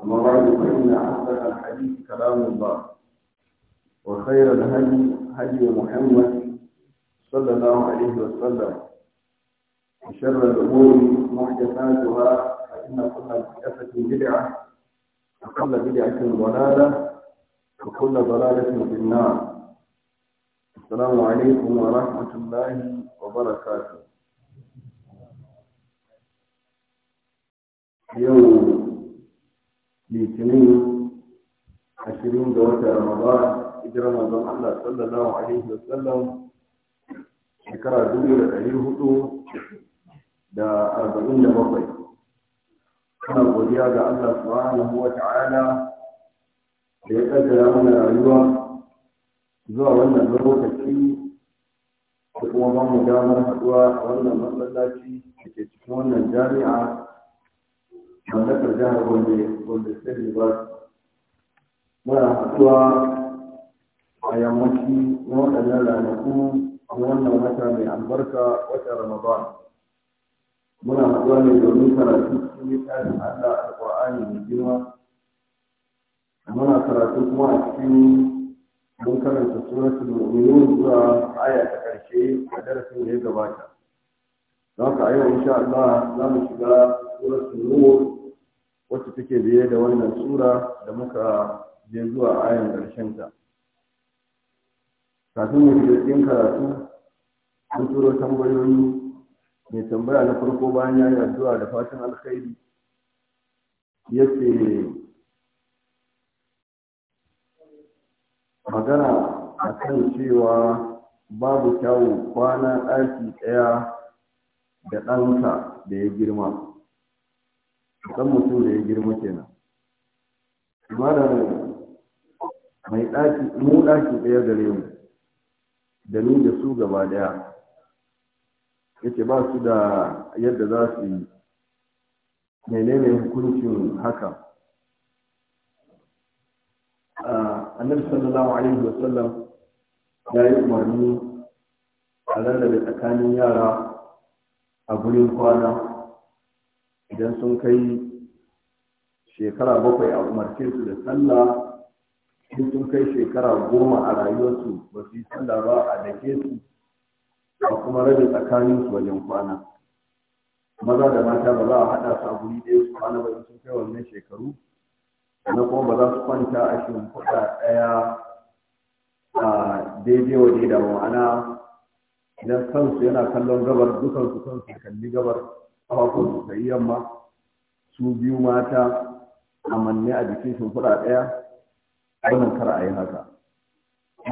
ومراد فإن أحسن الحديث كلام الله وخير الهدي هدي محمد صلى الله عليه وسلم وشر الأمور محدثاتها فإن كل محدثة بدعة وكل بدعة ضلالة وكل ضلالة في النار السلام عليكم ورحمة الله وبركاته اليوم litinin ashirin ga watan ramadan hijirar manzon allah sallallahu alaihi Sallam shekara dubu da ɗari hudu da arba'in da bakwai ana godiya ga allah subhanahu wa ta'ala da ya ƙaddara mana rayuwa zuwa wannan lokaci da kuma ba mu damar haɗuwa a wannan masallaci da ke cikin wannan jami'a mallakar jihar wanda gombe state university muna haɗuwa a yammaci na waɗannan ranaku a wannan wata mai albarka watan ramadan muna haɗuwa ne domin karatu cikin littafin allah alƙur'ani mai girma muna karatu kuma a cikin mun karanta suratul mu'minun zuwa aya ta ƙarshe a darasin da ya gabata don haka a yau insha Allah za mu shiga suratul nur wacce take biye da wannan sura da muka je zuwa ayan ƙarshen ta kafin mu shiga cikin karatu an turo tambayoyi mai tambaya na farko bayan ya yi addu'a da fatan alkhairi ya ce magana a kan cewa babu kyawu kwana ɗaki ɗaya da ɗanka da ya girma dan mutum da ya girma kenan malam mai ɗaki mu ɗaki ɗaya gare mu da ni da su gaba ɗaya yace ba su da yadda za su yi menene hukuncin haka annabi sallallahu alaihi wasallam ya yi umarni a lallabe tsakanin yara a gurin kwana idan sun kai shekara bakwai a umarce su da sallah in sun kai shekara goma a rayuwarsu ba su yi sallah ba a dake su a kuma rage tsakanin su wajen kwana maza da mata ba za a haɗa su a guri ɗaya su kwana ba in sun kai wannan shekaru na kuma ba za su kwanta a kuɗa ɗaya a daidai wa daidai ma'ana idan kansu yana kallon gabar dukansu kansu kalli gabar ƙafafun su yamma su biyu mata amanne a jikin shimfiɗa ɗaya wannan kar a yi haka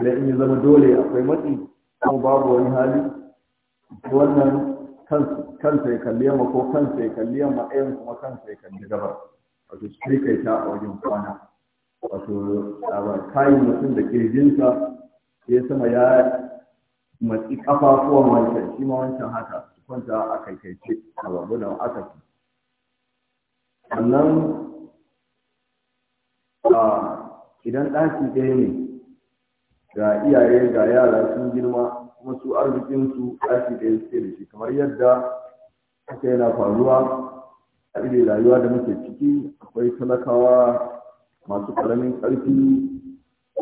idan in ya zama dole akwai matsi ko babu wani hali wannan kansa ya kalli yamma ko kansa ya kalli yamma ɗayan kuma kansa ya kalli gabar wato sai kai ta a wajen kwana wato kayan mutum da kirjinsa ya sama ya matsi kafafuwan wancan shi ma wancan haka kwanta a kaikaice a babu da aka fi sannan idan ɗaki ɗaya ne ga iyaye ga yara sun girma kuma su arzikinsu ɗaki ɗaya suke da shi kamar yadda aka yana faruwa a irin rayuwa da muke ciki akwai talakawa masu ƙaramin ƙarfi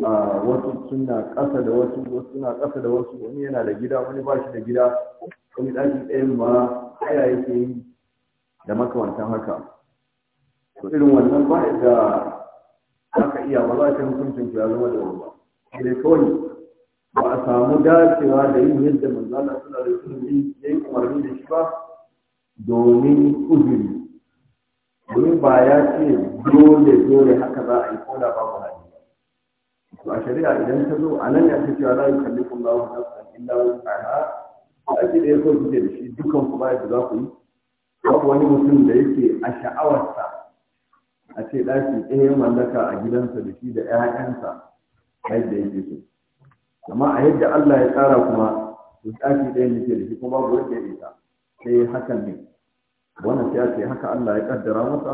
wasu suna ƙasa da wasu wasu suna ƙasa da wasu wani yana da gida wani ba shi da gida wani ɗaki ɗaya ma haya yake yi da makamantan haka to irin wannan ba da aka iya ba za ka hukuncin ya zama da wani ba sai kawai ba a samu dacewa da yin yadda a suna da sun yi yayi umarni da shi ba domin uzuri domin ba ya ce dole dole haka za a yi ko da ba mu a shari'a idan ta zo a nan ya ce cewa la yukallifu Allahu nafsan illa wus'aha aiki da yake kuke da shi dukan ku ba da za ku yi babu wani mutum da yake a sha'awarsa a ce ɗaki ɗaya ya mallaka a gidansa da shi da ƴaƴansa yadda yake so amma a yadda Allah ya tsara kuma to ɗaki ɗaya ne ke da shi kuma babu wanda ya isa sai hakan ne wannan sai ce haka Allah ya kaddara masa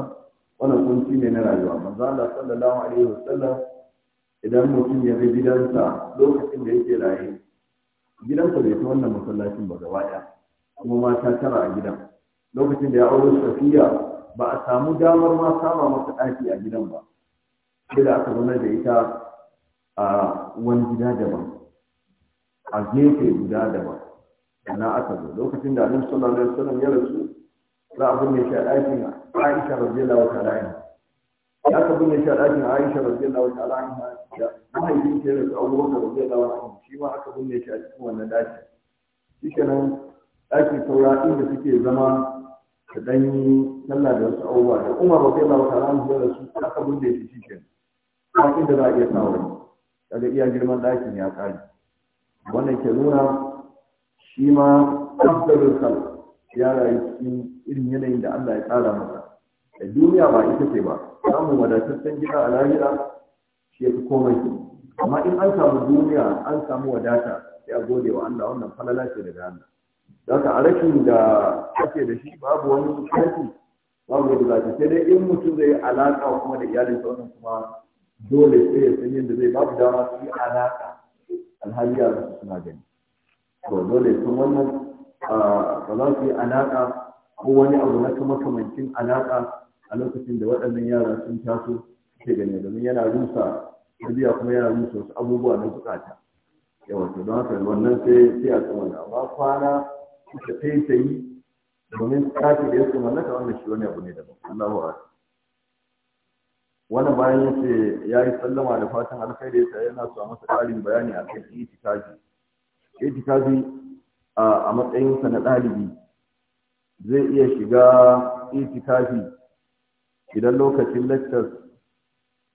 wannan kunci ne na rayuwa manzo Allah sallallahu alaihi wasallam idan mutum ya bi gidansa lokacin da yake raye gidansa bai ta wannan masallacin ba gaba ɗaya kuma mata tara a gidan lokacin da ya aure tafiya, ba a samu damar ma sama masa ɗaki a gidan ba sai da aka zama da ita a wani gida daban a gefe guda daban sannan aka zo lokacin da annabi sallallahu alaihi wasallam ya rasu za a binne shi a ɗakin Aisha radiyallahu ta'ala ya ka binne shi a ɗakin Aisha radiyallahu ta'ala anha da mahaifin ta rasu Abu Bakar radiyallahu anhu shi ma aka binne shi a cikin wannan ɗakin shikenan ɗakin saura inda suke zama da ɗanyi sallah da wasu abubuwa da Umar radiyallahu ta'ala anhu ya rasu aka binne shi shikenan ba inda za a iya sawa daga iya girman ɗakin ya ƙare wannan ke nuna shi ma afdalul khalq ya rayu cikin irin yanayin da Allah ya tsara masa da duniya ba ita ce ba samun wadataccen gida a lahira shi ya fi komai amma in an samu duniya an samu wadata sai a gode wa Allah wannan falala ce da dana, don ka a rashin da ake da shi babu wani kanti babu yadda za sai dai in mutum zai alaƙa kuma da sa wannan kuma dole sai ya san yadda zai babu dama su yi alaƙa alhali ya su suna gani to dole sun wannan ah, ba za su yi alaƙa ko wani abu na kamakamancin alaka a lokacin da waɗannan yara sun taso ke gane domin yana rusa tarbiyya kuma yana rusa wasu abubuwa na bukata yawa to don haka wannan sai sai a tsawon amma kwana ta taitayi domin tsafi da ya su mallaka wannan shi wani abu ne daban Allahu akbar wani bayan ya ce ya yi sallama da fatan alkhairi ya yana so a masa ƙarin bayani a kan itikafi itikafi a matsayinsa na ɗalibi zai iya shiga itikafi idan lokacin lectures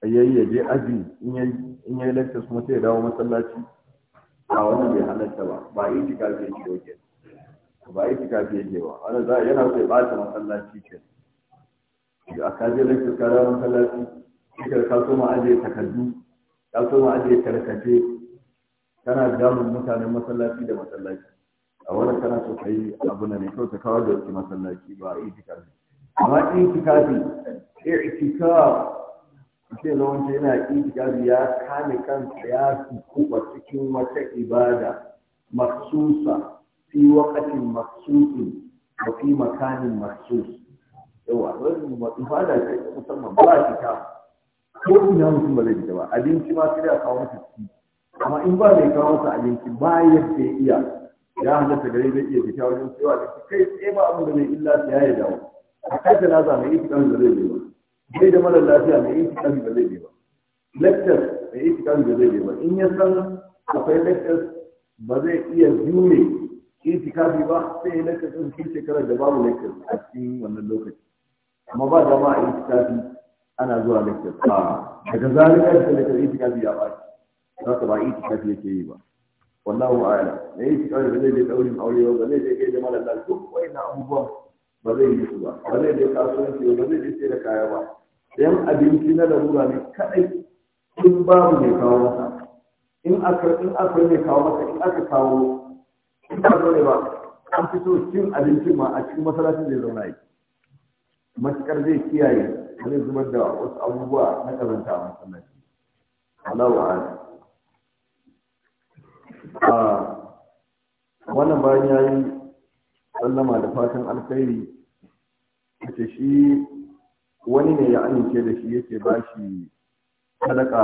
yayi ya aji in yayi lectures kuma sai ya dawo masallaci a wannan bai halatta ba ba yi itikafi yake yake ba yi itikafi yake ba wannan za yana so ya masallaci ke da aka je lectures ka dawo masallaci kika ka so ma aje takaddu ka so ma aje karkace kana damun mutanen masallaci da masallaci a wannan kana so kai abu ne kawai ka kawo da masallaci ba yi itikafi amma itikafi i'tikaf sai zamanci yana itikafi ya kame kansa ya kuba cikin wata ibada maksusa fi wakatin maksusin da fi makanin maksus yawa wannan ibada ce musamman ba shi ta ko ina mutum ba zai fita ba abinci ma sai da kawo masa ciki amma in ba mai kawo masa abinci ba yadda ya iya ya halatta gare zai iya fita wajen sayo abinci kai tsaye ba abin da zai illa ya ya dawo a kai janaza mai itikafi ba zai ba bai da mara lafiya mai itikafi ba zai ba lectures mai itikafi ba zai ba in ya san akwai lectures ba zai iya jure itikafi ba sai ya lectures din cikin shekarar da babu lectures a cikin wannan lokaci amma ba ma a itikafi ana zuwa lectures ba daga zarin lectures itikafi ya ba za ka ba itikafi yake yi ba wallahu a'lam Ne itikafi ba zai je daurin aure ba zai je gaida mara lafiya duk ba zai yi su ba ba zai je kasuwanci ba zai je sai da kaya ba Yan abinci na larura ne kadai in babu mai kawo masa in aka in aka mai kawo masa in aka kawo in ba zo ne ba an fi so cin abincin ma a cikin masallacin zai zauna yi matukar zai kiyaye ba zai zubar da wasu abubuwa na kazanta a masallaci Allahu a'ala ah, wannan bayan yi. sallama da fatan alkhairi ce shi wani ne ya amince da shi yake ba shi sadaka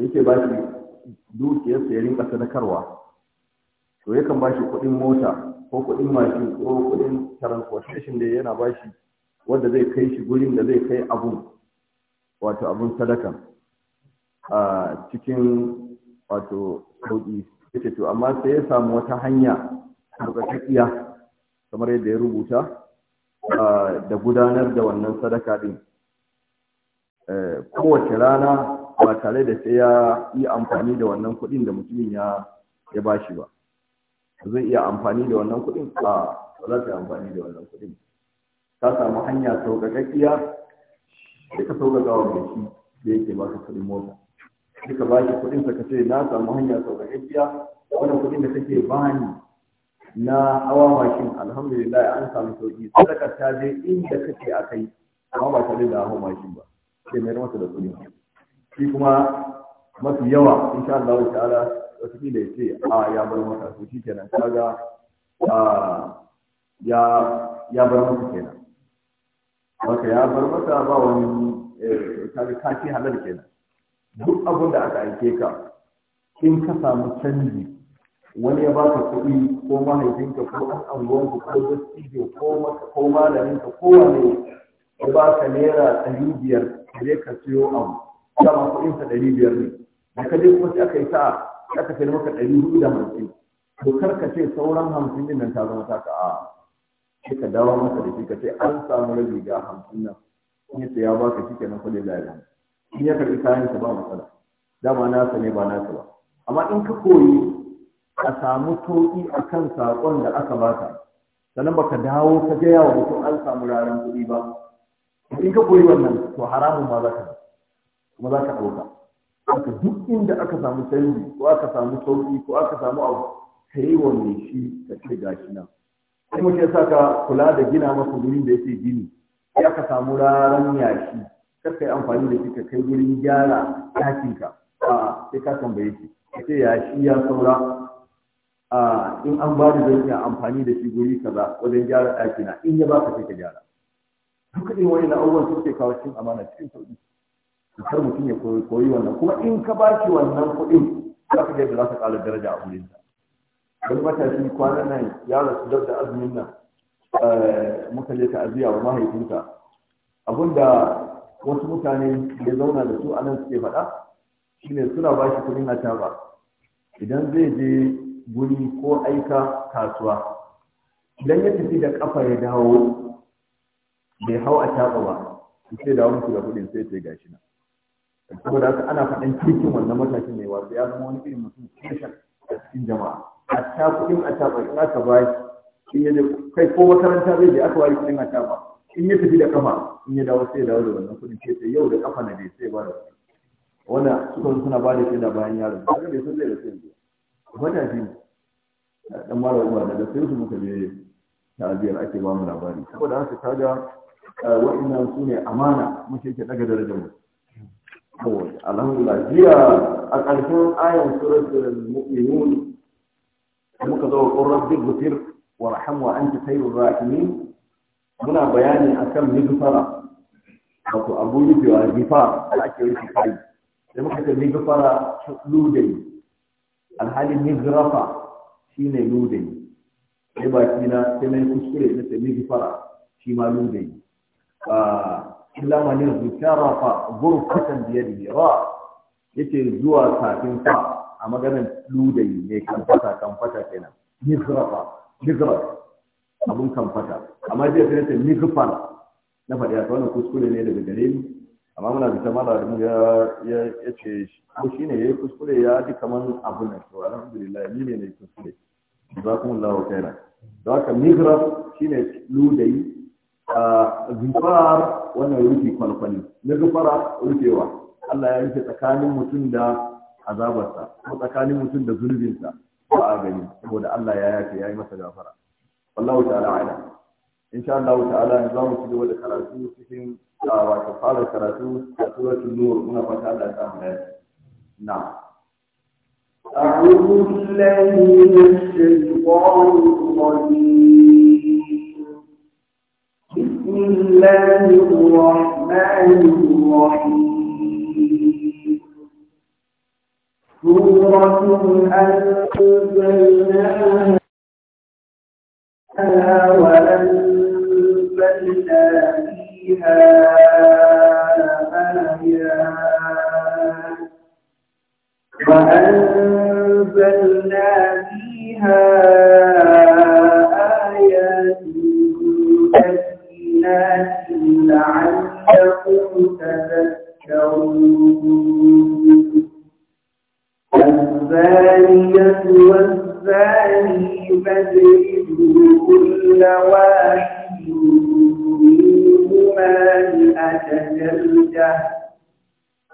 yake ba shi dukiyarsa ya rinka sadakarwa to yakan ba shi kuɗin mota ko kuɗin mashin ko kuɗin transportation da yana ba shi wanda zai kai shi gurin da zai kai abun wato abun sadaka a cikin wato sauƙi yake to amma sai ya samu wata hanya tsarkakakkiya kamar yadda ya rubuta da gudanar da wannan sadaka din e, kowace rana ba tare da sai ya yi amfani da wannan kuɗin da mutumin ya ba bashi ba zai iya amfani da wannan kuɗin a ba za ta amfani da wannan kuɗin Ta samu hanya sauƙaƙaƙiya sai ka sauƙaƙa wa mai shi da yake ba ka kuɗin mota sai ka bashi kuɗin sa ka ce na samu hanya sauƙaƙaƙiya wannan kuɗin da kake bani na hawa mashin alhamdulillah an samu sauki sadaka ta je inda kake a kai amma ba tare da hawa mashin ba sai mai masa da kuɗi shi kuma mafi yawa insha Allah ta'ala wasu kila ya ce a ya bar masa to shi kenan kaga ya ya bar masa kenan baka ya bar masa ba wani eh, kaga kaci halal kenan duk abin da aka aike ka in ka samu canji wani ya baka kuɗi ko mahaifinka ko ɗan anguwanku ko dattijo ko malaminka ko wane ya baka naira ɗari biyar ka je ka siyo abu dama kuɗinsa ɗari biyar ne da ka je kuma sai aka yi sa'a aka kai maka ɗari hudu da hamsin to kar ka ce sauran hamsin din nan ta zama taka a sai ka dawo masa da shi ka ce an samu rabi ga hamsin nan in ya ya baka shi kenan kuɗin lafiya in ya karɓi kayan ba matsala dama nasa ne ba nasa ba amma in ka koyi a samu toki a kan saƙon da aka ba baka sannan baka dawo ka gaya wa mutum an samu rarin kuɗi ba in ka koyi wannan to haramun ma za ka kuma za ka ɗauka haka duk inda aka samu canji ko aka samu sauƙi ko aka samu abu ka yi wa mai shi ka ce gashina. nan sai mutum ya ka kula da gina masa wurin da yake gini sai aka samu raran yashi kar ka yi amfani da shi ka kai wurin gyara ɗakinka a sai ka tambaye shi ka ce yashi ya saura in an ba da zan iya amfani da shi guri kaza wajen gyara ɗaki na in ya ba ka sai ka gyara duka irin wani abubuwan ke kawo cin amana cikin sauƙi kar mutum ya koyi wannan kuma in ka ba shi wannan kuɗin za ka je da za ka ƙara daraja a wurin sa wani matashi kwanan nan ya rasu dab da azumin nan eh, muka je ta'aziyya wa mahaifinsa abinda wasu mutane ya zauna da su a nan suke faɗa shine suna ba shi kuɗin ataba idan zai je guri ko aika kasuwa idan ya tafi da kafa ya dawo bai hau a taɓa ba sai dawo musu da kudin sai sai gashi nan saboda haka ana faɗin cikin wannan matakin mai wasu ya zama wani irin mutum kushen a cikin jama'a a ta kuɗin a taɓa in aka ba shi in ya kai ko makaranta zai je aka wari kuɗin a taɓa in ya tafi da kafa in ya dawo sai dawo da wannan kuɗin sai sai yau da kafa na bai sai ba da wannan suka suna ba da da bayan yaro da zai da sai wata ce. dan mara umar daga sai su muka je ta'aziyar ake ba mu labari saboda haka kaga eh, wa'annan su ne amana muke yake daga darajar mu kawai alhamdulillah jiya a ƙarshen ayan suratul mu'minun muka zo qur rabbi ghfir warham wa anta khairur rahimin muna bayani akan mizfara wato abu yufewa gifar da ake yi kai Sai muka ce mizfara ludai alhali nigrafa shi ne lude sai baki na sai na yi kuskure na sai shima shi ma ludayi illa ma ne zutarafa gurfatan biyar ra yace zuwa kafin fa a maganar lude ne kan fata kan fata kenan mizrafa mizrafa abun kan fata amma zai sai ta na faɗi a kuskure ne daga gare ni amma muna da ta da ya ya ce ko shi ne ya yi kuskure ya ji kaman abu ne to alhamdulillah ni ne na yi kuskure jazakumullahu khairan da haka shi shine ludayi zufar wannan rufi kwalkwali na zufara rufewa Allah ya rufe tsakanin mutum da azabarsa ko tsakanin mutum da zunubinsa ba a gani saboda Allah ya yafe ya yi masa gafara wallahu ta'ala a'lam إن شاء الله تعالى نظام سيدي والكراتو سيكون وكفال الكراتو سورة النور هنا فتاة الله نعم أعوذ بالله من الشيطان الرجيم بسم الله الرحمن الرحيم سورة أنزلناها وأنزلنا فيها آيات وأنزلنا فيها آيات بينات لعلكم تذكرون الزانية والزاني فاجلدوا كل واحد منهما مئة جلدة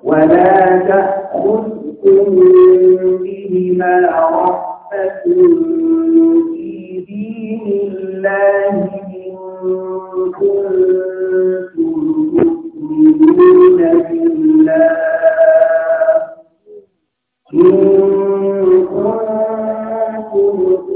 ولا تأخذكم بهما رحمة في دين الله إن كنتم مؤمنين بالله إن كنتم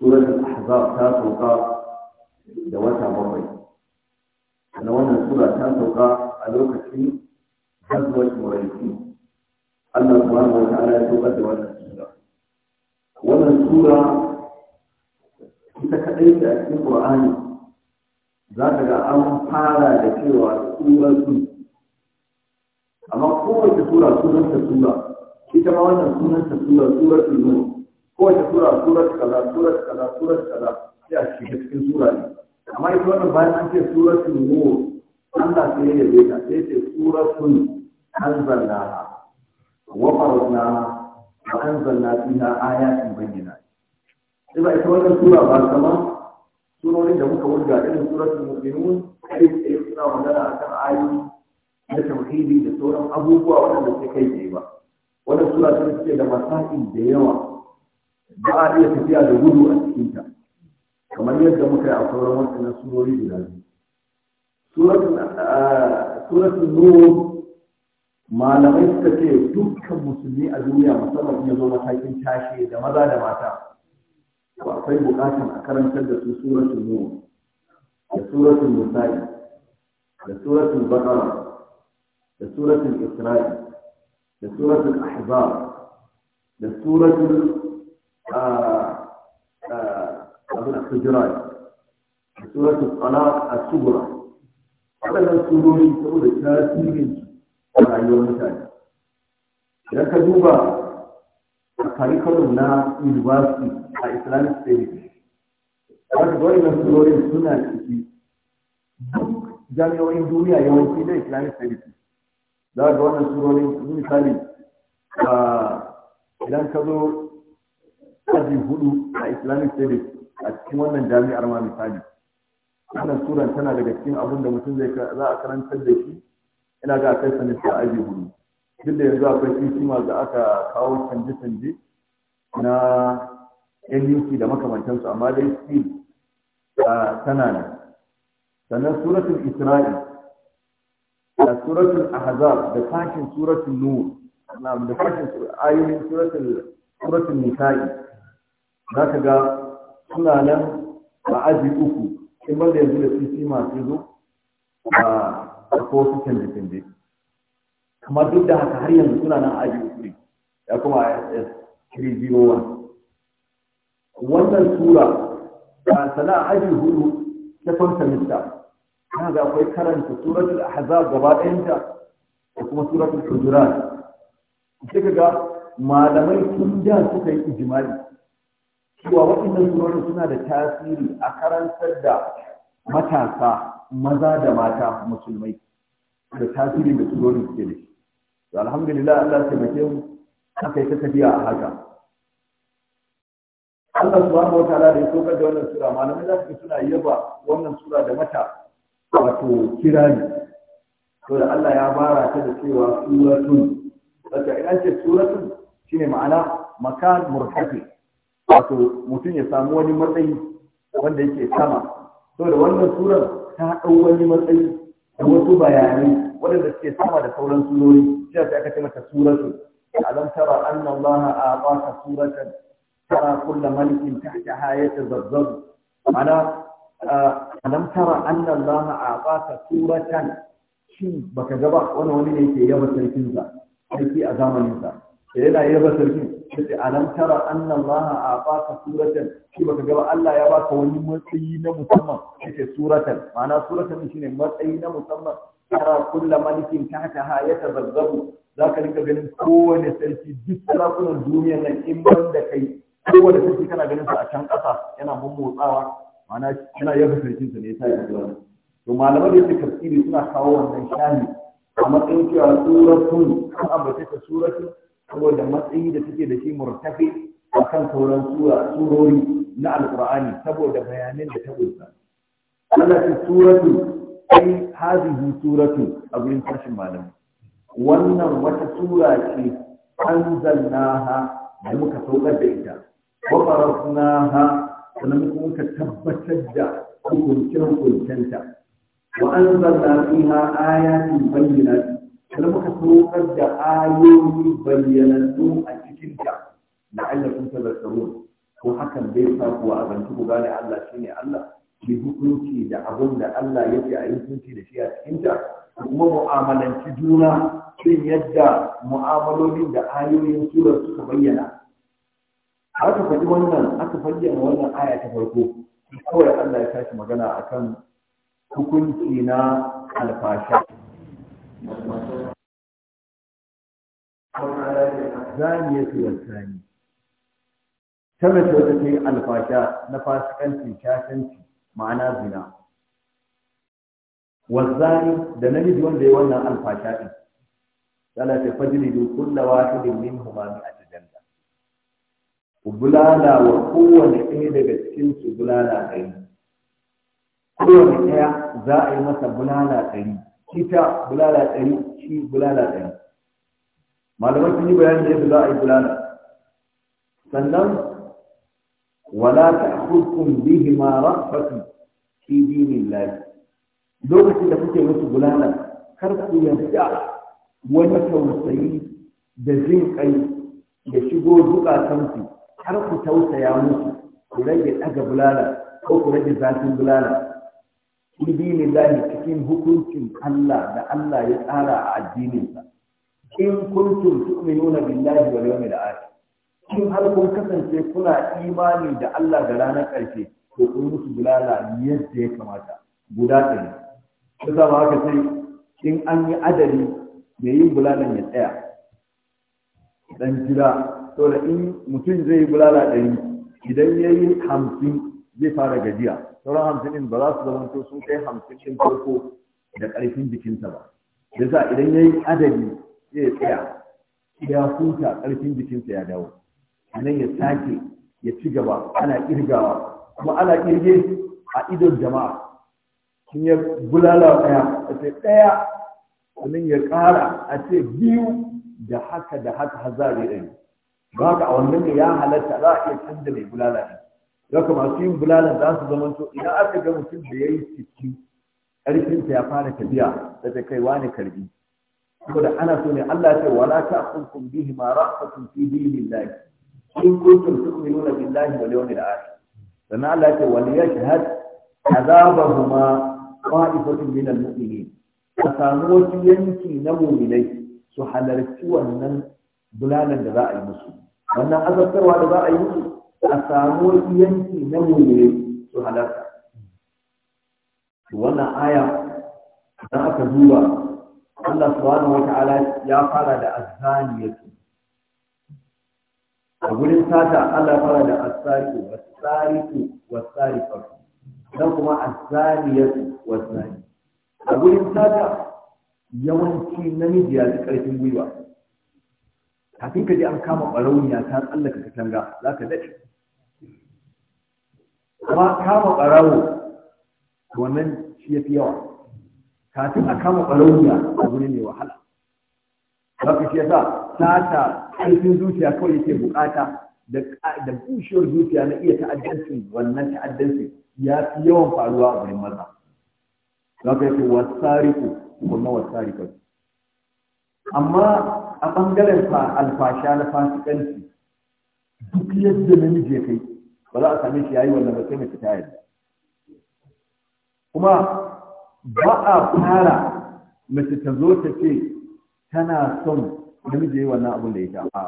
suratul ahzab ta sauka da wata bakwai sannan wannan sura ta sauka a lokacin gazuwar mawaliki Allah subhanahu wa ta'ala ya saukar da wannan sura wannan sura ita kadai da cikin Qur'ani za ka ga an fara da cewa suratul amma kowace sura sunanta sura ita ma wannan sunanta sura suratul nur kowace sura sura kaza sura kaza sura kaza sai a shiga cikin sura ne amma ita wannan bayan an ce suratul nur Allah sai ya zai ta sai ce suratul anzalnaha wa faradna wa anzalna fiha ayatin bayyana. sai ba ita wannan sura ba kamar surorin da muka wurga irin suratul mu'minun sai sai suna magana akan ayoyi na tauhidi da sauran abubuwa wanda sai kai ba wannan sura ta ce da masa'il da yawa ba a iya tafiya da gudu a cikinta kamar yadda muka yi a sauran waɗannan surori guda biyu suratun ah, nuru malamai suka ce dukkan musulmi a duniya musamman iya zo matakin tashi da maza da mata ba sai bukatar a karantar da su suratun nuru da suratun Musa'i, da suratun bakara da suratun isra'i da suratun ahzab da suratun abin a sujirai da suratun ala a subura waɗannan surori saboda tasirin a rayuwar mutane idan ka duba a curriculum na university a islamic studies wata waɗannan surorin suna ciki duk jami'o'in duniya yawanci na islamic studies za ga wannan surorin misali idan ka zo aji hudu a islamic studies a cikin wannan jami'ar ma misali wannan suran tana daga cikin abin da mutum zai za a karantar da shi ina ga akai sanin ta aji hudu duk da yanzu akwai kishima da aka kawo canje-canje na yan da makamantansu amma dai still tana nan sannan suratul isra'i da suratul ahzab da kashin suratul nur da kashin ayoyin suratul suratul nisa'i zaka ga suna nan a aji uku in ba da yanzu da cc masu zo a ko su canje canje kamar duk da haka har yanzu suna nan a aji uku ne ya kuma is 301 wannan sura sana'a aji hudu ta kwanta mista kaga akwai karanta suratul ahzab gaba ɗayanta da kuma suratul hujurat sai kaga malamai tun da suka yi ijimali cewa waɗannan surorin suna da tasiri a karantar da matasa maza da mata musulmai da tasiri da surorin suke da shi alhamdulillah Allah ya mace mu aka yi ta tafiya a haka Allah su wa wata da ya sokar da wannan sura malamai za su suna yaba wannan sura da mata wato kirani to da Allah ya bara ta da cewa suratun wato idan ce suratun shine ma'ana makan murtafi wato mutum ya samu wani matsayi wanda yake sama saboda wannan surar ta ɗau wani matsayi da wasu bayanai waɗanda suke sama da sauran surori shi sai aka ce mata suratu alam tara anna allaha a'taka suratan tara kullu malikin tahtaha yatazazzab ma'ana alam tara anna allaha a'taka suratan shi baka ga ba wani wani ne yake yaba sarkin sa sarki a zamanin sa yana yaba sarkin yace alam tara anna Allah a'taka suratan shi baka ga Allah ya baka wani matsayi na musamman yace suratan ma'ana suratan shine matsayi na musamman tara kullu malikin tahtaha yatabazzabu zaka rika ganin kowane sarki duk sarakunan duniya nan in ban da kai kowane sarki kana ganin sa a can ƙasa yana mummotsawa ma'ana yana yaga sarkin sa ne sai ka ga to malamai da tafsiri suna kawo wannan shani a matsayin cewa suratun an ambata ta suratun saboda matsayi da suke da shi murtafi a kan sauran surori na alkur'ani saboda bayanin da ta kunsa Allah ce suratu ai hazihi suratu a gurin sashin malam wannan wata sura ce anzalnaha da muka saukar da ita wa qara'naha sannan muka tabbatar da hukuncin hukuncenta wa anzalna fiha ayatin bayyinatin sai muka saukar da ayoyi bayyanannu a cikin ta la'allakum tadhakkarun ko hakan zai sa ku a zanci ku gane Allah shine Allah ki hukunci da abun da Allah yake a hukunci da shi a cikin ta kuma mu'amalanci juna sun yadda mu'amalolin da ayoyin surar suka bayyana aka faɗi wannan aka bayyana wannan aya ta farko kawai Allah ya tashi magana akan hukunci na alfasha zaniya su wasani ta mace wata ta yi alfasha na fasikanci shashanci ma'ana zina wasani da namiji wanda ya wannan alfasha ɗin tsala ta fajiri da kulla wasu da humami a tajalla ku bulala wa kowane ɗaya daga cikin su bulala ɗari kowane ɗaya za a yi masa bulala ɗari ita bulala ɗari shi bulala ɗari malamai sun yi bayanin yadda za a yi bulala sannan wala ta ta'khudkum bihima ra'fatun fi dinillahi lokacin da kuke musu bulala kar ku yarda wani tausayi da jin kai da shigo zukatansu har ku tausaya musu ku rage ɗaga bulala ko ku rage zafin bulala lahi cikin hukuncin Allah da Allah ya tsara a addininsa in kuntum tu'minuna billahi wal yawmil akhir in har kun kasance kuna imani da Allah da ranar ƙarshe to kun musu bulala yadda ya kamata guda ɗari kusa ma haka sai in an yi adali mai yin bulalan ya tsaya dan jira da in mutum zai yi bulala ɗari idan ya yi hamsin zai fara gajiya sauran hamsin ba za su zamanto sun kai hamsin din farko da ƙarfin jikinsa ba yasa idan ya yi adadi zai tsaya ya huta ƙarfin jikinsa ya dawo nan ya sake ya ci gaba ana ƙirgawa kuma ana ƙirge a idon jama'a sun ya bulala ɗaya a ce ɗaya sannan ya ƙara a ce biyu da haka da haka har za a ɗari ba haka a wannan ya halatta za a iya canza mai bulala ɗaya yaka masu yin bulalan za su zama to idan aka ga mutum da ya yi ciki ƙarfinsa ya fara tafiya da ta kai wani karbi. Saboda ana so ne Allah ce wala ta kunkum bihi ma ra'fatun fi dinillahi in kuntum tu'minuna billahi wal yawmil akhir. Sannan Allah ce wal yashhad azabahuma qa'ifatun min al-mu'minin. Ka samu wasu yanki na mu'minai su halarci wannan bulalan da za a yi musu. Wannan azabtarwa da za a yi musu a samu yanki na mummune su halarta wannan aya idan aka duba Allah subhanahu wata'ala ya fara da azzani yake a gurin sata Allah ya fara da azzari wa wasarifatu dan kuma azzani yake tsari. a gurin sata yawanci namiji ya ji ƙarfin gwiwa kafin ka je an kama ɓarauniya ta tsallaka katanga za ka daɗe kuma kama barawo wannan shi ya fi yawa kafin a kama barauniya a ne mai wahala haka shi yasa sata ƙarfin zuciya kawai yake buƙata? da bushewar zuciya na iya ta'addanci wannan ta'addanci ya fi yawan faruwa a wurin maza za ka wasu tsariku kuma wasu wasarikatu amma a ɓangaren alfasha na fasikanci duk yadda namiji ya kai ba za a same shi yayi wannan ba sai mace ta yarda kuma ba a fara mace ta zo ta ce tana son namiji ya yi wannan abin da ya ta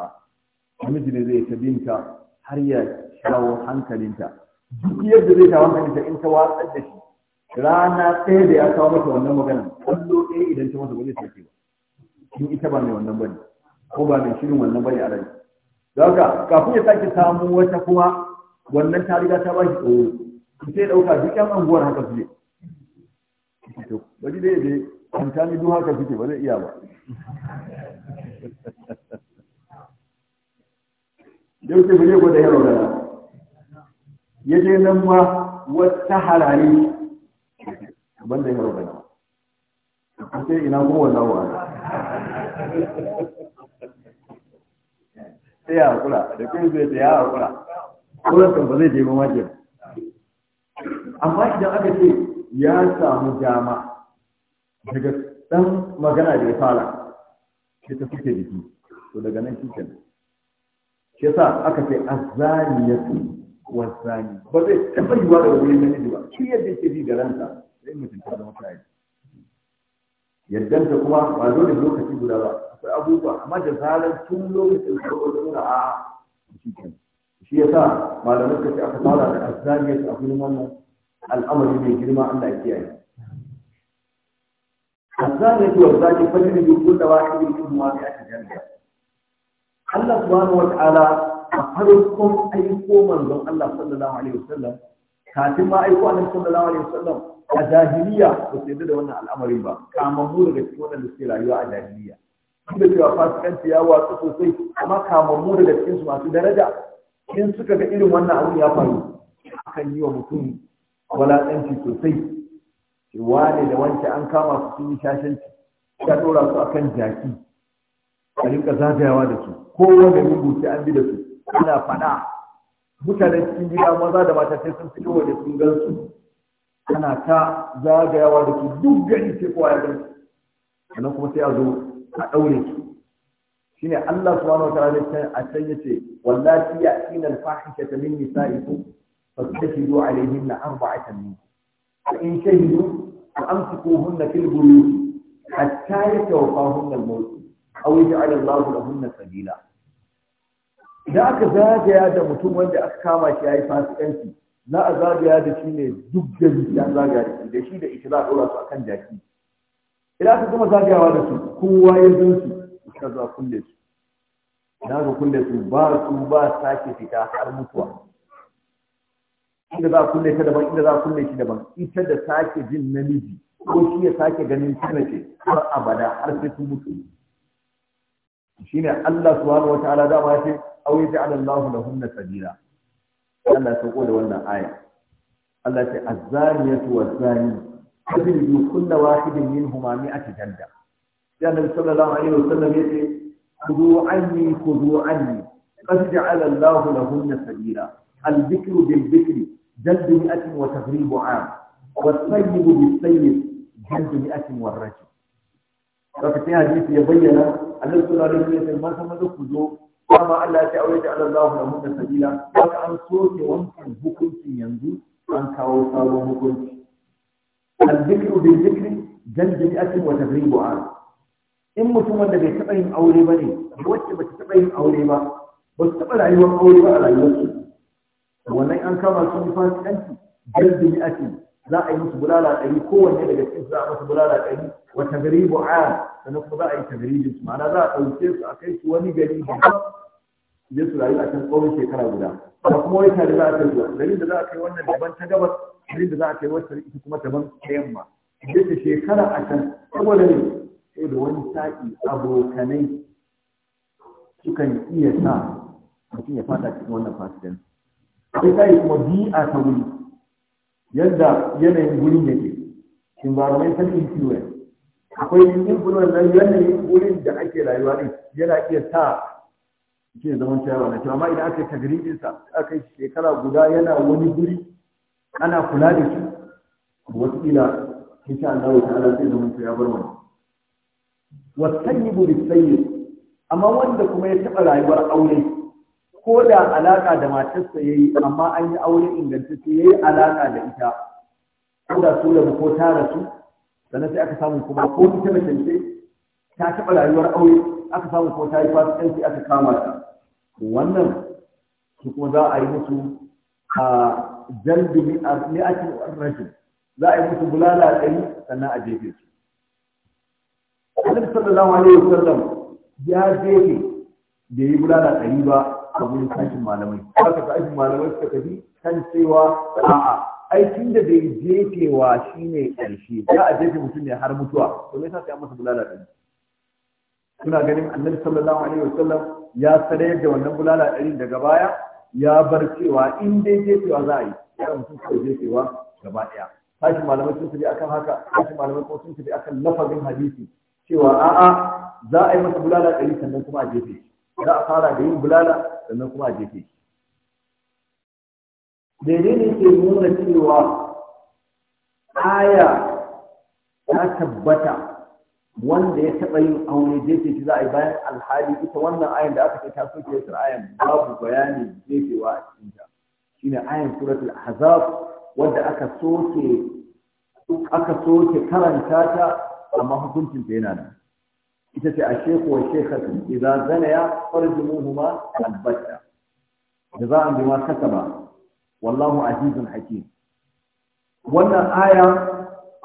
a namiji ne zai ta binta har ya shawo hankalinta duk yadda zai shawo hankalinta in ta watsar da shi rana ɗaya da ya kawo mata wannan maganan kallo ɗaya idan ta masa ba zai sauke ba shi ita ba mai wannan bane ko ba mai shirin wannan bane a rai don haka kafin ya sake samu wata kuma wannan ta riga ta ba shi tsoro sai ɗauka duk yan anguwar haka su ne bari dai dai ta ni duk haka suke ba zai iya ba yau ce bane gwada yaro da ya je nan ma wata harare banda yaro da sai ina kuma wannan wani sai ya hakura da kuma zai ya hakura kuma kan ba zai je ba mace amma idan aka ce ya samu dama daga dan magana da ya fara sai ta suke jiki to daga nan shi kenan shi yasa aka ce azani ya su wazani ba zai taɓa yiwa daga wurin namiji ba shi yadda yake ji da ransa zai mutunta da mutane yaddanta kuma ba dole lokaci guda ba akwai abubuwa amma da zarar tun lokacin farko da nuna a shi Ya sa yasa malamai suka ce aka fara da azzaniyar a gurin wannan al'amari mai girma Allah ya kiyaye azzaniyar wa zaki fajr bi kullu wahidin minhuma bi ajjalha Allah subhanahu wa ta'ala a farkon aiko manzon Allah sallallahu alaihi wasallam kafin ma aiko annabi sallallahu alaihi wasallam a jahiliya ba su yarda da wannan al'amarin ba mu daga cikin da suke rayuwa a jahiliya duk da cewa fasikanci ya watsa sosai amma mu daga cikin su masu daraja in suka ga irin wannan abin ya faru akan yi wa mutum walaƙanci sosai ne da wance an kama su sun yi shashanci Ya ɗora su akan jaki a rinka zagayawa da su Ko wanda ya rubuce an bi da su ana faɗa mutanen cikin gida maza da mata sai sun fito waje sun gan su ana ta zagayawa da su duk gani sai kowa ya gani sannan kuma sai a zo a ɗaure su shine Allah subhanahu Wani ta'ala a can yace wallahi ya'tina al-fahishata min nisa'ikum fastashidu alayhinna arba'atan minkum fa in shahidu fa amsikuhunna fil buyut hatta yatawaffahunna al-maut aw yaj'ala Allahu lahunna sabila idan aka zagaya da mutum wanda aka kama shi yayi fasikanci na a zagaya da shi ne duk da ya zagaya da shi da shi da ita za a ɗora su kan jaki idan aka kuma zagayawa da su kowa ya zo su ita za kulle su na ga kulle su ba su ba sake fita har mutuwa inda za a kulle ta daban inda za a kulle shi daban ita da sake jin namiji ko shi ya sake ganin tunace har abada har sai sun mutu shine Allah subhanahu wataala dama ya ce allahu yaj'alallahu lahunna sabila Allah ya sauko da wannan aya Allah ce azzaniyatu wazzani tajridu kullu wahidin minhuma mi'ati janda ya nabi sallallahu alaihi wasallam yace khudhu anni khudhu anni qad ja'ala Allahu lahunna sabila al-dhikru bil-dhikri جلد مئة وتغريب عام والسيد بالسيد جلد مئة والرجل ففي حديث يبين أن الرسول عليه الصلاة والسلام ما سمى له dama Allah ya ce aure da Allah da mutum sabila haka an soke wancan hukuncin yanzu an kawo sabon hukunci al-dhikru bil dhikri janjin asin wa tadribu an in mutum wanda bai taɓa yin aure ba ne wacce ba ta taɓa yin aure ba ba su taɓa rayuwar aure ba a rayuwarsu wannan an kama su ne fasikanci jirgin ake za a yi musu bulala ɗari kowanne daga cikin za a musu bulala ɗari wa tagribu a sannan kuma za a yi tagribin su ma'ana za a ɗauke su a kai su wani gari da je su rayu a can tsohon shekara guda ba kuma wai tare za a kai zuwa dalilin da za a kai wannan daban ta gabas dalilin da za a kai wata ita kuma daban ta yamma je shekara a can saboda ne sai da wani sa'i abokanai sukan iya sa mutum ya fada cikin wannan fasidan sai yi kuma bi'a ta wuri yadda yanayin gurin yake environmental influence akwai influence na yanayin wurin da ake rayuwa ne yana iya sa ne zaman cewa na cewa ma idan aka yi tagribin aka yi shekara guda yana wani guri ana kula da shi wasila sha Allah ala sai zaman ya bar wani wasayyibu sanyi, amma wanda kuma ya taɓa rayuwar aure ko da alaƙa da matarsa ya yi amma an yi aure ingantacce ya yi alaƙa da ita ko da su da ko ta rasu sannan sai aka samu kuma ko ita mace ta taɓa rayuwar aure aka samu ko ta yi fasikanci aka kama ta wannan su kuma za a yi musu a jalbi mi'atin rajul za a yi musu bulala ɗari sannan a jefe su Annabi sallallahu alaihi wasallam ya jefe da yi bulala ɗari ba a wurin sashin malamai haka sashin malamai suka tafi kan cewa a'a aikin da bai jefewa shine ƙarshe za a jefe mutum ne har mutuwa to me yasa sai an masa bulala ɗari suna ganin annabi sallallahu alaihi wasallam ya sadayar da wannan bulala ɗari daga baya ya bar cewa in dai jefewa za a yi ya mutum kawai jefewa gaba ɗaya tashi malamai sun tafi akan haka tashi malamai ko sun tafi akan lafazin hadisi cewa a'a za a yi masa bulala ɗari sannan kuma a jefe za a fara da yin bulala sannan kuma a jefe ne ke nuna cewa aya ta tabbata wanda ya taɓa yin aure jefe shi za a yi bayan alhali ita wannan ayan da aka ce ta soke yasar ayan babu bayanin jefewa a cikin ta shine ayan suratul ahzab wanda aka soke aka soke karanta ta amma hukuncin ta yana nan ita ce a sheku wa shekatu idza zanaya farjumuhuma albatta nema bima kasaba wallahu azizun hakim wannan aya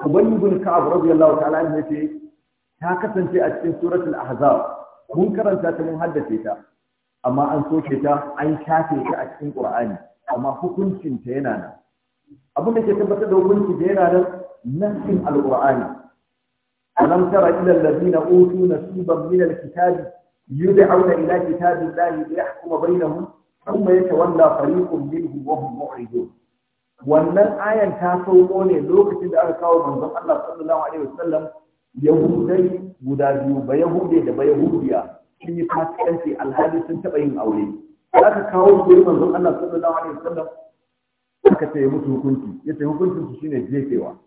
ubay ibn ka'ab radiyallahu ta'ala anhu ce. ta kasance a cikin suratul ahzab mun karanta ta mun haddace ta amma an soke ta an shafe ta a cikin qur'ani amma hukuncin ta yana nan abin da ke tabbatar da hukunci da yana nan nassin alqur'ani alam tara ila alladhina utu nasiban min alkitabi yud'auna ila kitabillahi liyahkuma bainahum thumma yatawalla fariqun minhum wa hum mu'ridun wannan ayan ta sauko ne lokacin da aka kawo manzon Allah sallallahu alaihi wasallam yahudai guda biyu ba yahude da ba yahudiya sun yi fasikanci alhali sun taɓa yin aure ka kawo su yi manzon Allah sallallahu alaihi wasallam aka ce ya mutu hukunci ya ce hukuncin su shine jefewa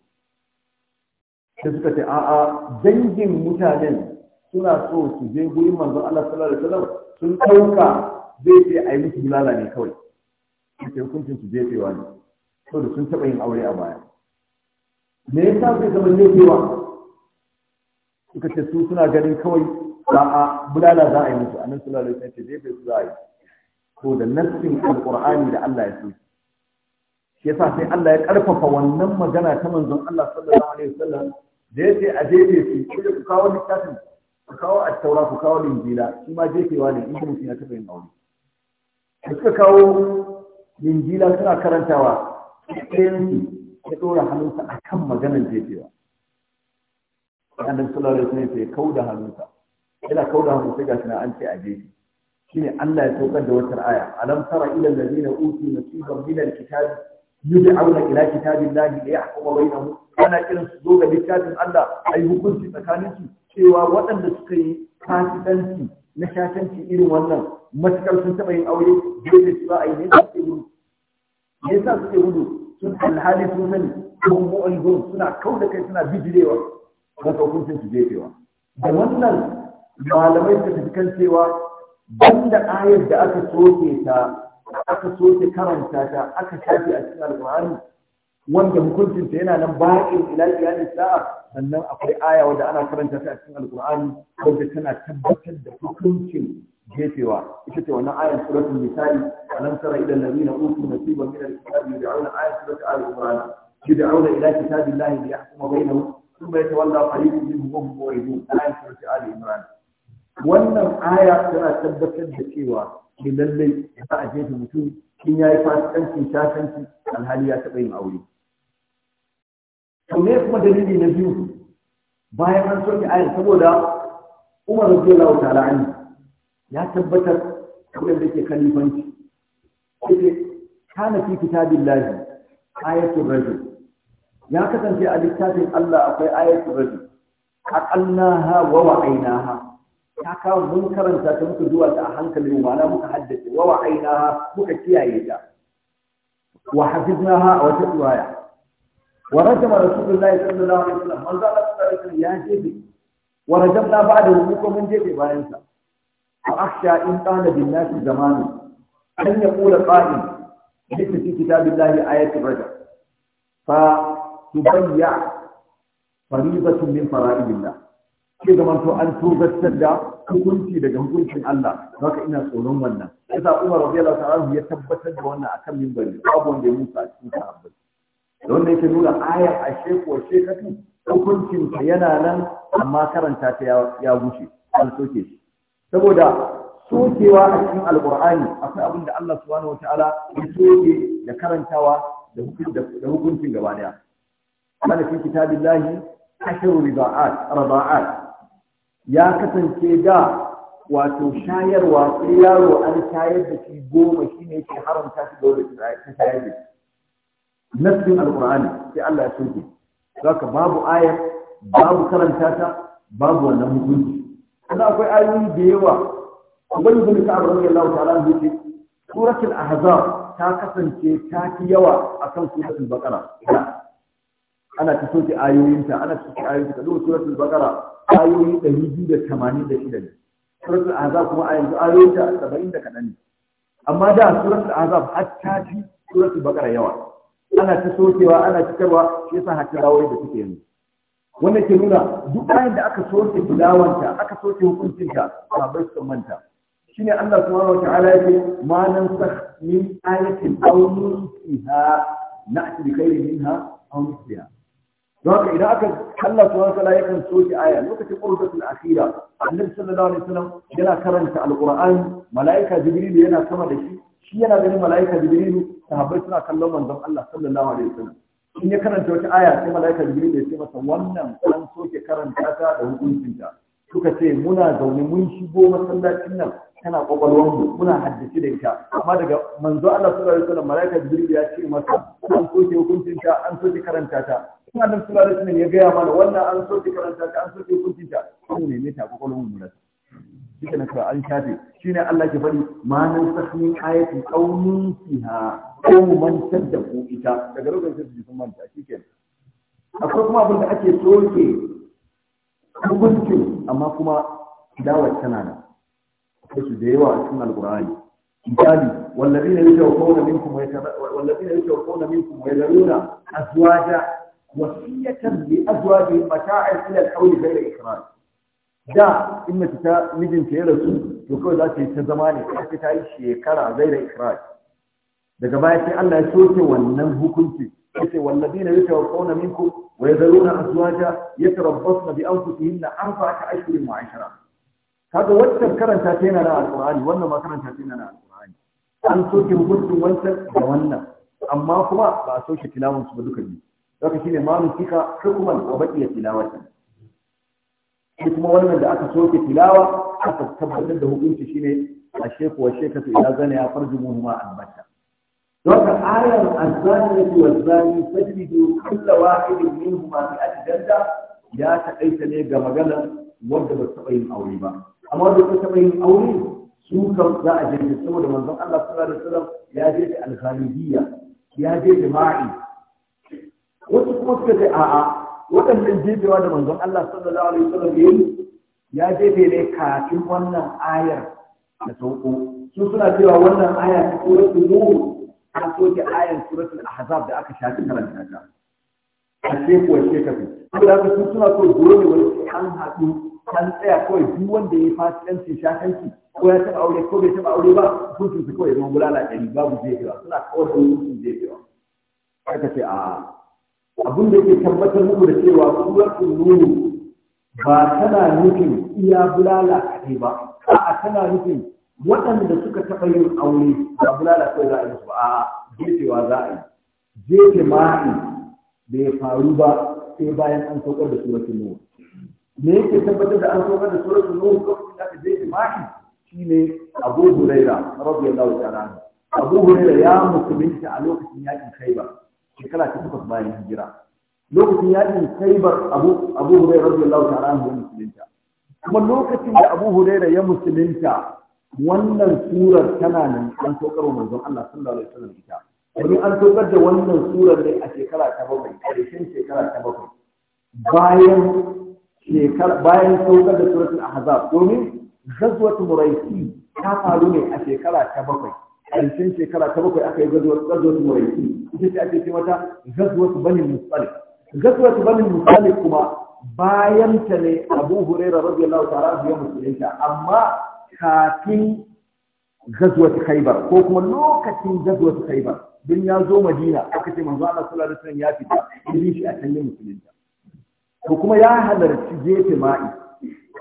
sai suka ce a'a dangin mutanen suna so su je guri manzon Allah sallallahu alaihi wasallam sun ɗauka zai ce a yi musu bilala ne kawai ce hukuncin su jefewa ne saboda sun taɓa yin aure a baya me yasa zai zama jefewa suka ce su suna ganin kawai za a bulala za a yi musu annabi sallallahu alaihi wasallam ce jefe su za a yi to da nassin alqur'ani da Allah ya so shi yasa sai Allah ya karfafa wannan magana ta manzon Allah sallallahu alaihi wasallam da yace a jefe su kuma ku kawo littafin ku kawo at-taura ku kawo injila shi ma jefewa ne in mutum ya taɓa yin aure da suka kawo injila suna karantawa sai ya ɗora hannunsa akan maganar jefewa annabi sallallahu alaihi wasallam sai kauda hannunsa yana kauda hannunsa ga gashi an ce a je shine Allah ya saukar da wata aya alam tara ila allazina utu nasiban min alkitabi yud'auna ila kitabillahi li yahkuma bainahum ana kiran su zo ga littafin Allah ayi hukunci tsakanin su cewa waɗanda suka yi fasikanci na shatanci irin wannan matukar sun taɓa yin aure dole su za a yi ne suke gudu me yasa suke gudu sun alhali sun sani ko mu'alhum suna kauda kai suna bijirewa haka hukuncin su jefewa da wannan malamai su tafi kan cewa banda ayar da aka soke ta aka soke karanta ta aka shafi a cikin alƙur'ani wanda ta yana nan baƙin ila iyalin sa'a sannan akwai aya wanda ana karanta ta a cikin alƙur'ani wanda tana tabbatar da hukuncin jefewa ita ce wannan ayar suratul misali alam tara ila allazina utu nasiban min alkitabi yad'una ayat suratul al-imran yad'una ila kitabillahi liyahkuma bainahum ثم يتولى فريق منهم وهم موردون آية سورة آل عمران wannan aya tana tabbatar da cewa ke lallai za a jefa mutum kin ya yi fasikanci shakanci alhali ya taɓa yin aure. To me kuma dalili na biyu bayan an soke aya saboda Umar radiyallahu ta'ala anhu ya tabbatar kamar da ke kalifanci. Kace kana fi kitabillahi ayatul rajul ya kasance a littafin Allah akwai ayatul rabi aqalnaha wa wa'aynaha ta ka mun karanta ta muka zuwa ta a hankali mu ma'ana muka haddace wa wa'aynaha muka kiyaye ta wa hafiznaha wa tatwaya wa rajama rasulullahi sallallahu alaihi wasallam manzo Allah sallallahu alaihi wasallam ya jefe wa rajamna ba'da hu ko mun jefe bayan sa fa akhsha in kana bin nasi zamanu an yaqula qa'im lita fi kitabillahi ayatul rajam fa tubayya faridatun min fara'idillah ke zaman to an tubatar da hukunci daga hukuncin Allah haka ina tsoron wannan yasa Umar radiyallahu ta'ala ya tabbatar da wannan akan minbari babu wanda ya musa cikin sahabbai da wanda yake nuna ayar ashe ko shekatu hukuncin ta yana nan amma karanta ta ya wuce an soke shi saboda sokewa a cikin alqur'ani akwai abin da Allah subhanahu wataala ya soke da karantawa da hukuncin gaba daya kana fi kitabillahi ashru ridaat ridaat ya kasance da wato shayarwa sai yaro an shayar da shi goma shi ne ke haramta shi dole ta shayar da shi nasbin alqur'ani sai Allah ya soke ka babu ayar babu karanta ta babu wannan hukunci kuma akwai ayoyi da yawa Ubay ibn Ka'ab Allah ta'ala zai ce suratul ahzab ta kasance ta fi yawa akan suratul baqara ana ta soke ayoyinta ana ta soke ayoyinta ka duba suratul bakara, ayoyi ɗari biyu da da tamanin shida ne suratul ahzab kuma a yanzu ayoyinta 70 da kadan ne amma da suratul ahzab har ta ci suratul bakara yawa ana ta sokewa ana cikarwa shi yasa har tilawai da suke yanzu wannan ke nuna duk ayin da aka soke tilawanta aka soke hukuncinta ba bai su manta shine Allah subhanahu wataala yake ma nan sakh min ayatin aw nusiha na'ti bi khairin minha aw mithliha don haka idan aka Allah subhanahu wataala yakan soke aya lokacin qurbatul akhira annabi sallallahu alaihi wasallam yana karanta alqur'ani malaika jibril yana sama da shi shi yana ganin malaika jibril sahabbai suna kallon manzon Allah sallallahu alaihi wasallam in ya karanta wata aya sai malaika jibril ya ce masa wannan an soke karanta ta da ta. suka ce muna zaune mun shigo masallacin nan tana kwakwalwarmu muna haddace da ita amma daga manzo Allah sallallahu alaihi wasallam malaika jibril ya ce masa an soke ta an soke karanta ta kuma da sura da wasallam ya gaya mana wannan an soke karanta ta an soke ki kuntinta ko ne ne ta kokolon mu da duka na cewa an shafe shine Allah ke faɗi ma nan sahmin ayatin qaumin fiha ko mu mantar da ku ita daga lokacin da sun manta shikenan akwai kuma abin da ake soke hukuncin amma kuma dawar tana nan akwai su da yawa a cikin alkur'ani misali wallazina yatawafawna minkum wa yatawafawna minkum wa yadruna azwaja وصية لأزواجهم متاعا إلى الحول غير إكراه da in mace ta mijinta ya rasu to kawai za ta yi ta zama ne har ta yi shekara zai da ikrar daga baya sai Allah ya soke wannan hukunci yace walladina yatawaffawna minkum wa yadharuna azwaja yatarabbasna bi anfusihinna arba'ata ashhurin wa 'ashra kaga wancan karanta ta yana da alqur'ani wannan ma karanta ta yana da alqur'ani an soke hukuncin wancan da wannan amma kuma ba a soke tilawansu ba duka biyu zaka shine ma nusika hukman wa baqiya tilawatan shi kuma wannan da aka soke tilawa aka tabbatar da hukunci shine a sheku wa shekatu ila zana ya farji muhuma albata don ka ayar azzani wa zani sajlidu kullu wahidin minhuma bi ajdanda ya taƙaita ne ga maganar wanda ba taɓa yin aure ba amma wanda ba taɓa yin aure su kan za a je saboda manzon Allah sallallahu alaihi wasallam ya je da alkhalidiyya ya je da ma'i wasu kuma suka ce a'a waɗannan jefewa da manzon Allah sallallahu alaihi wasallam ya yi ya jefe ne kafin wannan ayar da sauko su suna cewa wannan aya ta suratul nur an soke ayar suratul ahzab da aka shafi karanta ta a ce ko ce ka fi saboda haka su suna so dole wani an haɗu an tsaya kawai duk wanda ya yi fasikanci shakanci ko ya taɓa aure ko bai taɓa aure ba sun su kawai zama bulala ɗari babu jefewa suna kawai da hukuncin jefewa aka ce a'a abin da yake tabbatar muku da cewa suratul nur ba tana nufin iya bulala kaɗai ba a'a tana nufin waɗanda suka taɓa yin aure ba bulala kai za a yi ba a jefewa za a yi jefe ma'i bai faru ba sai bayan an saukar da suratul nur me yake tabbatar da an saukar da suratul ko kuma da aka jefe ma'i shine Abu Hurairah radiyallahu ta'ala Abu Hurairah ya musulunta a lokacin yaƙin ba. shekara ta takwas bayan hijira lokacin yaƙin Khaibar Abu Abu Hurairah radiyallahu ta'ala anhu ya musulunta kuma lokacin da Abu Hurairah ya musulunta wannan surar tana nan an tokar wa manzon Allah sallallahu alaihi wasallam ita domin an tokar da wannan surar ne a shekara ta bakwai karshen shekara ta bakwai bayan shekara bayan saukar da suratul ahzab domin ghazwat muraisi ta faru ne a shekara ta bakwai ƙarshen shekara ta bakwai aka yi gazuwar muraiki ita ce ake ce mata gazuwar bani musali gazuwar bani musali kuma bayan ta ne abu huraira radiyallahu ta'ala biya musulunta amma kafin gazuwar khaibar ko kuma lokacin gazuwar khaibar don ya zo madina aka ce manzo Allah sallallahu alaihi wasallam ya fita irin shi a can musulunta ko kuma ya halarci jefe ma'i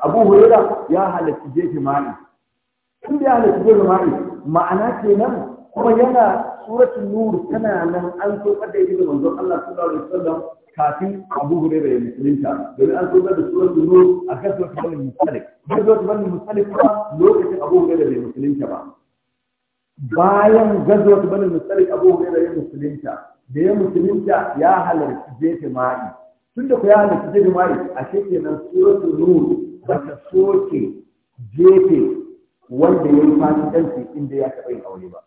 abu hurera ya halarci jefe ma'i tun da ya halarci jefe ma'i ma'ana kenan kuma yana suratul nur tana nan an so kada yi da manzon Allah sallallahu alaihi wasallam kafin Abu Hurairah ya musulunta domin an so da suratul nur a kan suratul bani musalik da suratul bani musalik ba lokacin Abu Hurairah ya musulunta ba bayan ta bani musalik Abu Hurairah ya musulunta da ya musulunta ya halarci jefe ma'i tunda ku ya halarci jefe ma'i a shekenan suratul nur ba ta soke jefe wanda ya yi fasikanci inda ya taɓa yin aure ba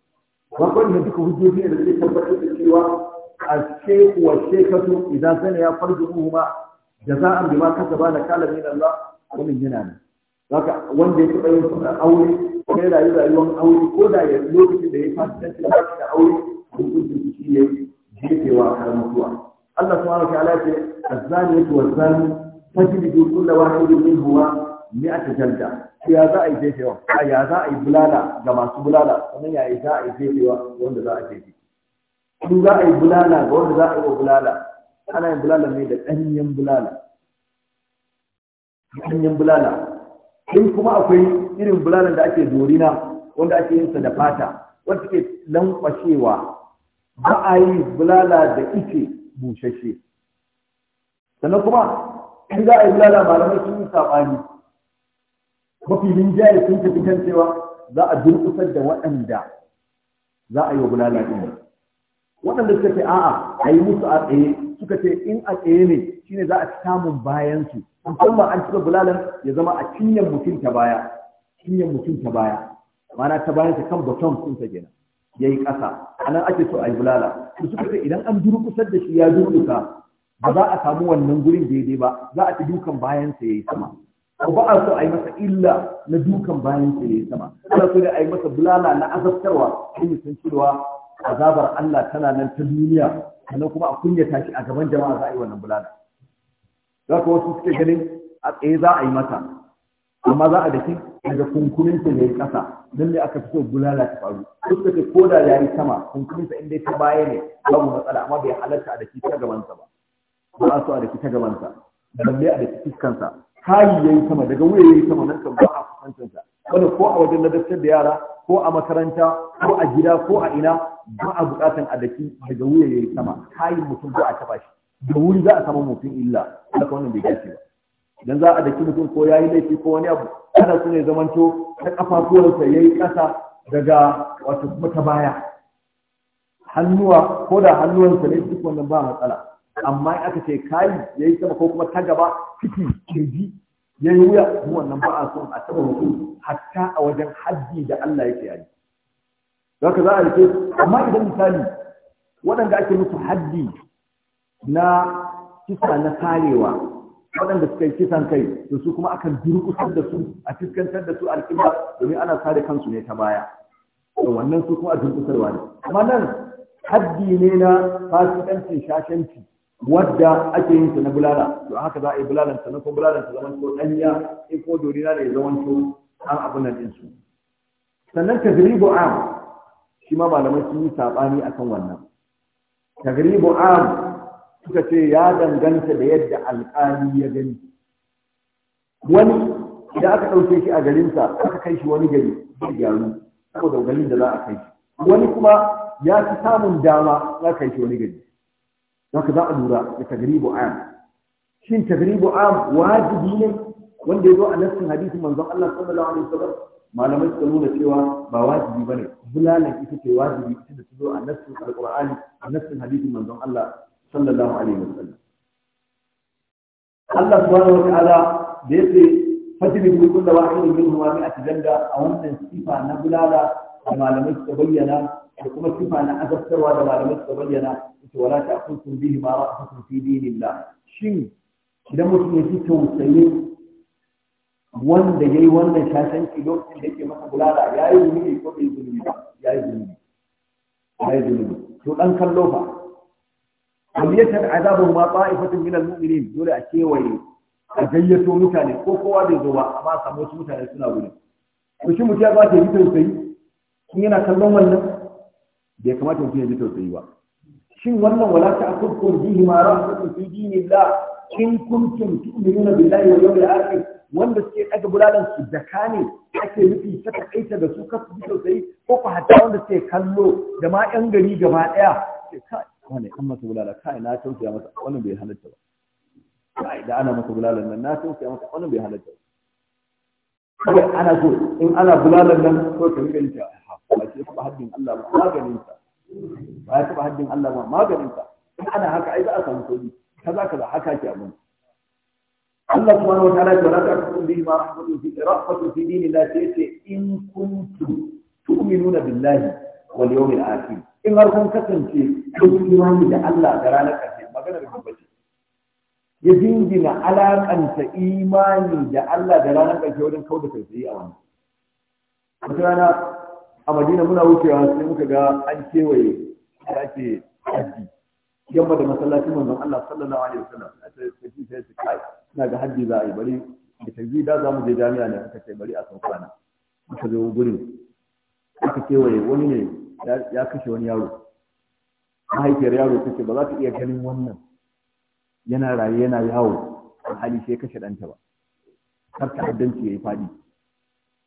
Wakon da duka hujjoji da zai tabbatar da cewa a shehu wa shekatu idan zana ya farji za a bima ba da kala min Allah wani yana ne Zaka wanda ya taɓa yin aure ko ya rayu rayuwar aure ko da ya lokacin da ya fasikanci da aure hukuncin shi ne jefewa har mutuwa Allah subhanahu wa ta'ala ya ce az-zaniyatu waz-zani fajlidu kulla wahidin minhuma mi'ata jalda ya za a yi jefewa ya za a yi bulala ga masu bulala sannan ya yi za a yi jefewa wanda za a jefe in za a yi bulala ga wanda za a yi wa bulala ana yin bulala ne da ɗanyen bulala ɗanyen bulala in kuma akwai irin bulalan da ake dorina wanda ake yin sa da fata wanda take lankwashewa ba a yi bulala da ice bushashe sannan kuma in za a yi bulala malamai sun yi saɓani mafi rinjaye sun tafi kan cewa za a durkusar da waɗanda za a yi wa bulala ɗin waɗanda suka ce a'a a yi musu a tsaye suka ce in a tsaye ne shine za a samun bayansu. musamman an cika bulalan ya zama a cinyar mutum ta baya cinyar mutum ta baya mana ta bayan ta kan baton sun ta gina ya yi ƙasa a nan ake so a yi bulala su suka ce idan an durkusar da shi ya durkusa ba za a samu wannan gurin daidai ba za a ci dukan bayansa ya yi sama ko ba a so a yi masa illa na dukan bayan sa yayi sama ana so a yi masa bulala na azabtarwa sai mu san cewa azabar Allah tana nan ta duniya sannan kuma a kunyata shi a gaban jama'a za a yi wannan bulala za ka wasu suke ganin a tsaye za a yi masa amma za a daki daga kunkuminsa ya yi ƙasa don ne aka fi so bulala ta faru duk da ke koda ya yi sama kunkuminsa inda ta baya ne babu matsala amma bai halarta a daki ta gabansa ba ba a so a daki ta gabansa balle a daki fuskansa kayi yayi sama daga wuya yayi sama nan kan ba a kusantar wanda ko a wajen ladabtar da yara ko a makaranta ko a gida ko a ina ba a bukatan a daki daga wuya yayi sama kayi mutum ba a taba shi da wuri za a samu mutum illa da kawai bai dace ba idan za a daki mutum ko yayi laifi ko wani abu ana su ne zamanto ta kafafuwarsa yayi kasa daga wato kuma baya hannuwa ko da hannuwansa ne duk wannan ba matsala amma in aka ce ya yi sama ko kuma ta gaba ciki kirji Ya yi wuya Kuma wannan ba a son a taba mutum, hatta a wajen haddi da Allah yake yi Zaka za a rike amma idan misali waɗanda ake musu haddi na kisa na tarewa waɗanda suka yi kisan kai da su kuma akan durƙusar da su a fuskantar da su alƙibla domin ana sare kansu ne ta baya wannan su kuma a durƙusarwa ne amma nan haddi ne na fasikancin shashanci wadda ake yin ta na bulala to haka za a yi bulalan ta na ko bulalan ta to danya in ko dorina da ya zamanto an abun nan din su sannan tagribu am shi ma malamai sun yi sabani akan wannan tagribu am suka ce ya danganta da yadda alƙali ya gani wani idan aka ɗauke shi a garinsa aka kai shi wani gari zai gyaru saboda garin da za a kai shi wani kuma ya fi samun dama za kai shi wani gari haka za a lura da tagribu am shin tagribu am wajibi ne wanda ya zo a nassin hadisin manzon Allah sallallahu alaihi wasallam malamai suka nuna cewa ba wajibi bane bulalan ita ce wajibi ita da ta zo a nassin alqur'ani a nassin hadisin manzon Allah sallallahu alaihi wasallam Allah subhanahu wa ta'ala da yace fajri bi kulli wahidin minhum wa mi'at janda a wannan sifa na bulala da malamai suka bayyana da kuma sifa na azabtarwa da malamai suka bayyana ita wala ta kuntum bihi ma ra'akum fi dinillah shin idan mutum ya tausayi wanda yayi wannan shashanci lokacin da yake masa bulala yayi ne ko bai zunubi ba yayi zunubi yayi zunubi to dan kallo fa waliyatan azabu ma ta'ifatu min almu'minin dole a kewaye a gayyato mutane ko kowa bai zo ba amma samu wasu mutane suna gudu to shi mutum ya ba ta yi tausayi kun yana kallon wannan bai kamata mutum ya ji tausayi ba shin wannan wala ta akukum bihi ma ra'akum fi dinillah in kuntum tu'minuna billahi wal yawmil akhir wanda suke daga bulalan su da kane ake nufi ta takaita da su kasu ji tausayi ko ku hatta wanda suke kallo da ma yan gari gaba daya kai wani an masa bulala kai na tausaya masa wannan bai halatta ba kai da ana masa bulalan nan na tausaya masa wannan bai halatta ba kawai ana so in ana bulalar nan ko ka rika yin ta ba ce taɓa haddin Allah ba maganin ta ba ya taɓa haddin Allah ba maganin ta in ana haka ai za a samu sauki kaza kaza haka ke abin Allah subhanahu wataala ya raka ku bi ma rahmatu fi rahmatu fi dini la tace in kuntum tu'minuna billahi wal yawmil akhir in har kun kasance kun imani da Allah da ranar ƙarshe maganar da babbaci ya dingina alaƙanta imani da Allah da ranar ƙarshe wajen kauda tausayi a wani. wata rana a madina muna wucewa sai muka ga an kewaye da ake haji yamma da masallacin manzon Allah sallallahu alaihi wasallam a sai sai su kai ina ga haji za a yi bari da tazi da za mu je jami'a ne aka ce bari a sauka na zo gurin aka kewaye wani ne ya kashe wani yaro mahaifiyar yaro ta ce ba za ta iya ganin wannan yana raye yana yawo a hali sai kashe ɗanta ba har ta'addanci ya yi faɗi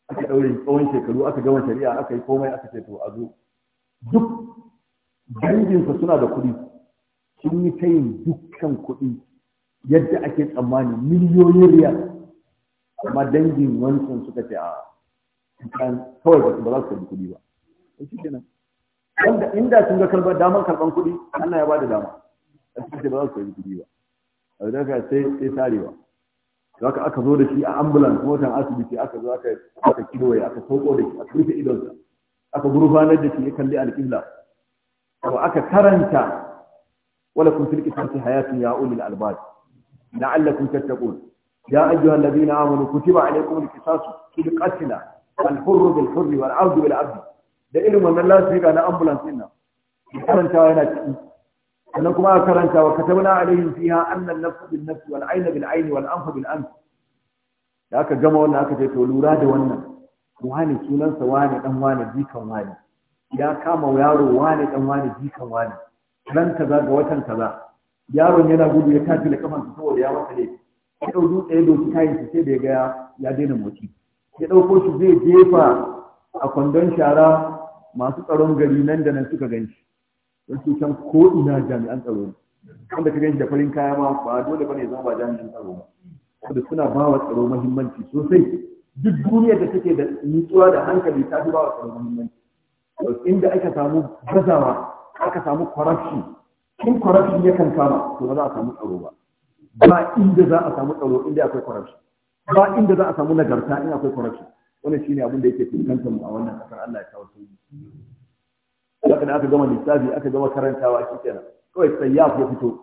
aka ɗaure tsawon shekaru aka gama shari'a aka yi komai aka ce to a zo duk danginsa suna da kuɗi sun yi ta yin dukkan kuɗi yadda ake tsammani miliyoyin riyal amma dangin wancan suka ce a kan kawai ba su ba za su karbi kuɗi ba shi kenan wanda inda sun ga karɓar damar karɓar kuɗi Allah ya ba da dama a ce ba za su karbi kuɗi ba a da ka sai sai sarewa haka aka zo da shi a ambulance motar asibiti aka zo aka aka kidoye aka sauko da shi aka rufe idonsa aka gurfanar da shi ya kalli alƙibla to aka karanta wala kun fil qisasi hayatun ya ulil albab la'allakum tattaqun ya ayyuhal ladina amanu kutiba alaykumul qisasu fil qatl al hurr bil hurr wal 'abd bil 'abd da irin wannan lafiya na ambulance din nan karantawa yana ciki sannan kuma aka karanta wa katabna alaihim fiha anna an-nafs bin-nafs wal-'ayna bil-'ayni wal-anfa bil-anf da aka gama wannan aka ce to lura da wannan wani sunansa wani dan wani jikan wani ya kama yaro wani dan wani jikan wani ran kaza ga watan kaza yaron yana gudu ya tafi da kafansa saboda ya wata ne ya ɗau dutse ya doki kayan sai da ya gaya, ya daina motsi ya ɗauko shi zai jefa a kwandon shara masu tsaron gari nan da nan suka gan shi don can ko ina jami'an tsaro wanda ka gani da farin kaya ma ba dole bane zama ba jami'an tsaro ba suna ba wa tsaro muhimmanci sosai duk duniya da take da nutsuwa da hankali ta fi ba wa tsaro muhimmanci inda aka samu gazawa aka samu corruption in corruption yakan kama to ba za a samu tsaro ba ba inda za a samu tsaro inda akwai corruption ba inda za a samu nagarta in akwai corruption wannan shine abin da yake fuskantar mu a wannan kasar Allah ya kawo sauki haka da aka gama lissafi aka gama karantawa shi kenan kawai tsayyaf ya fito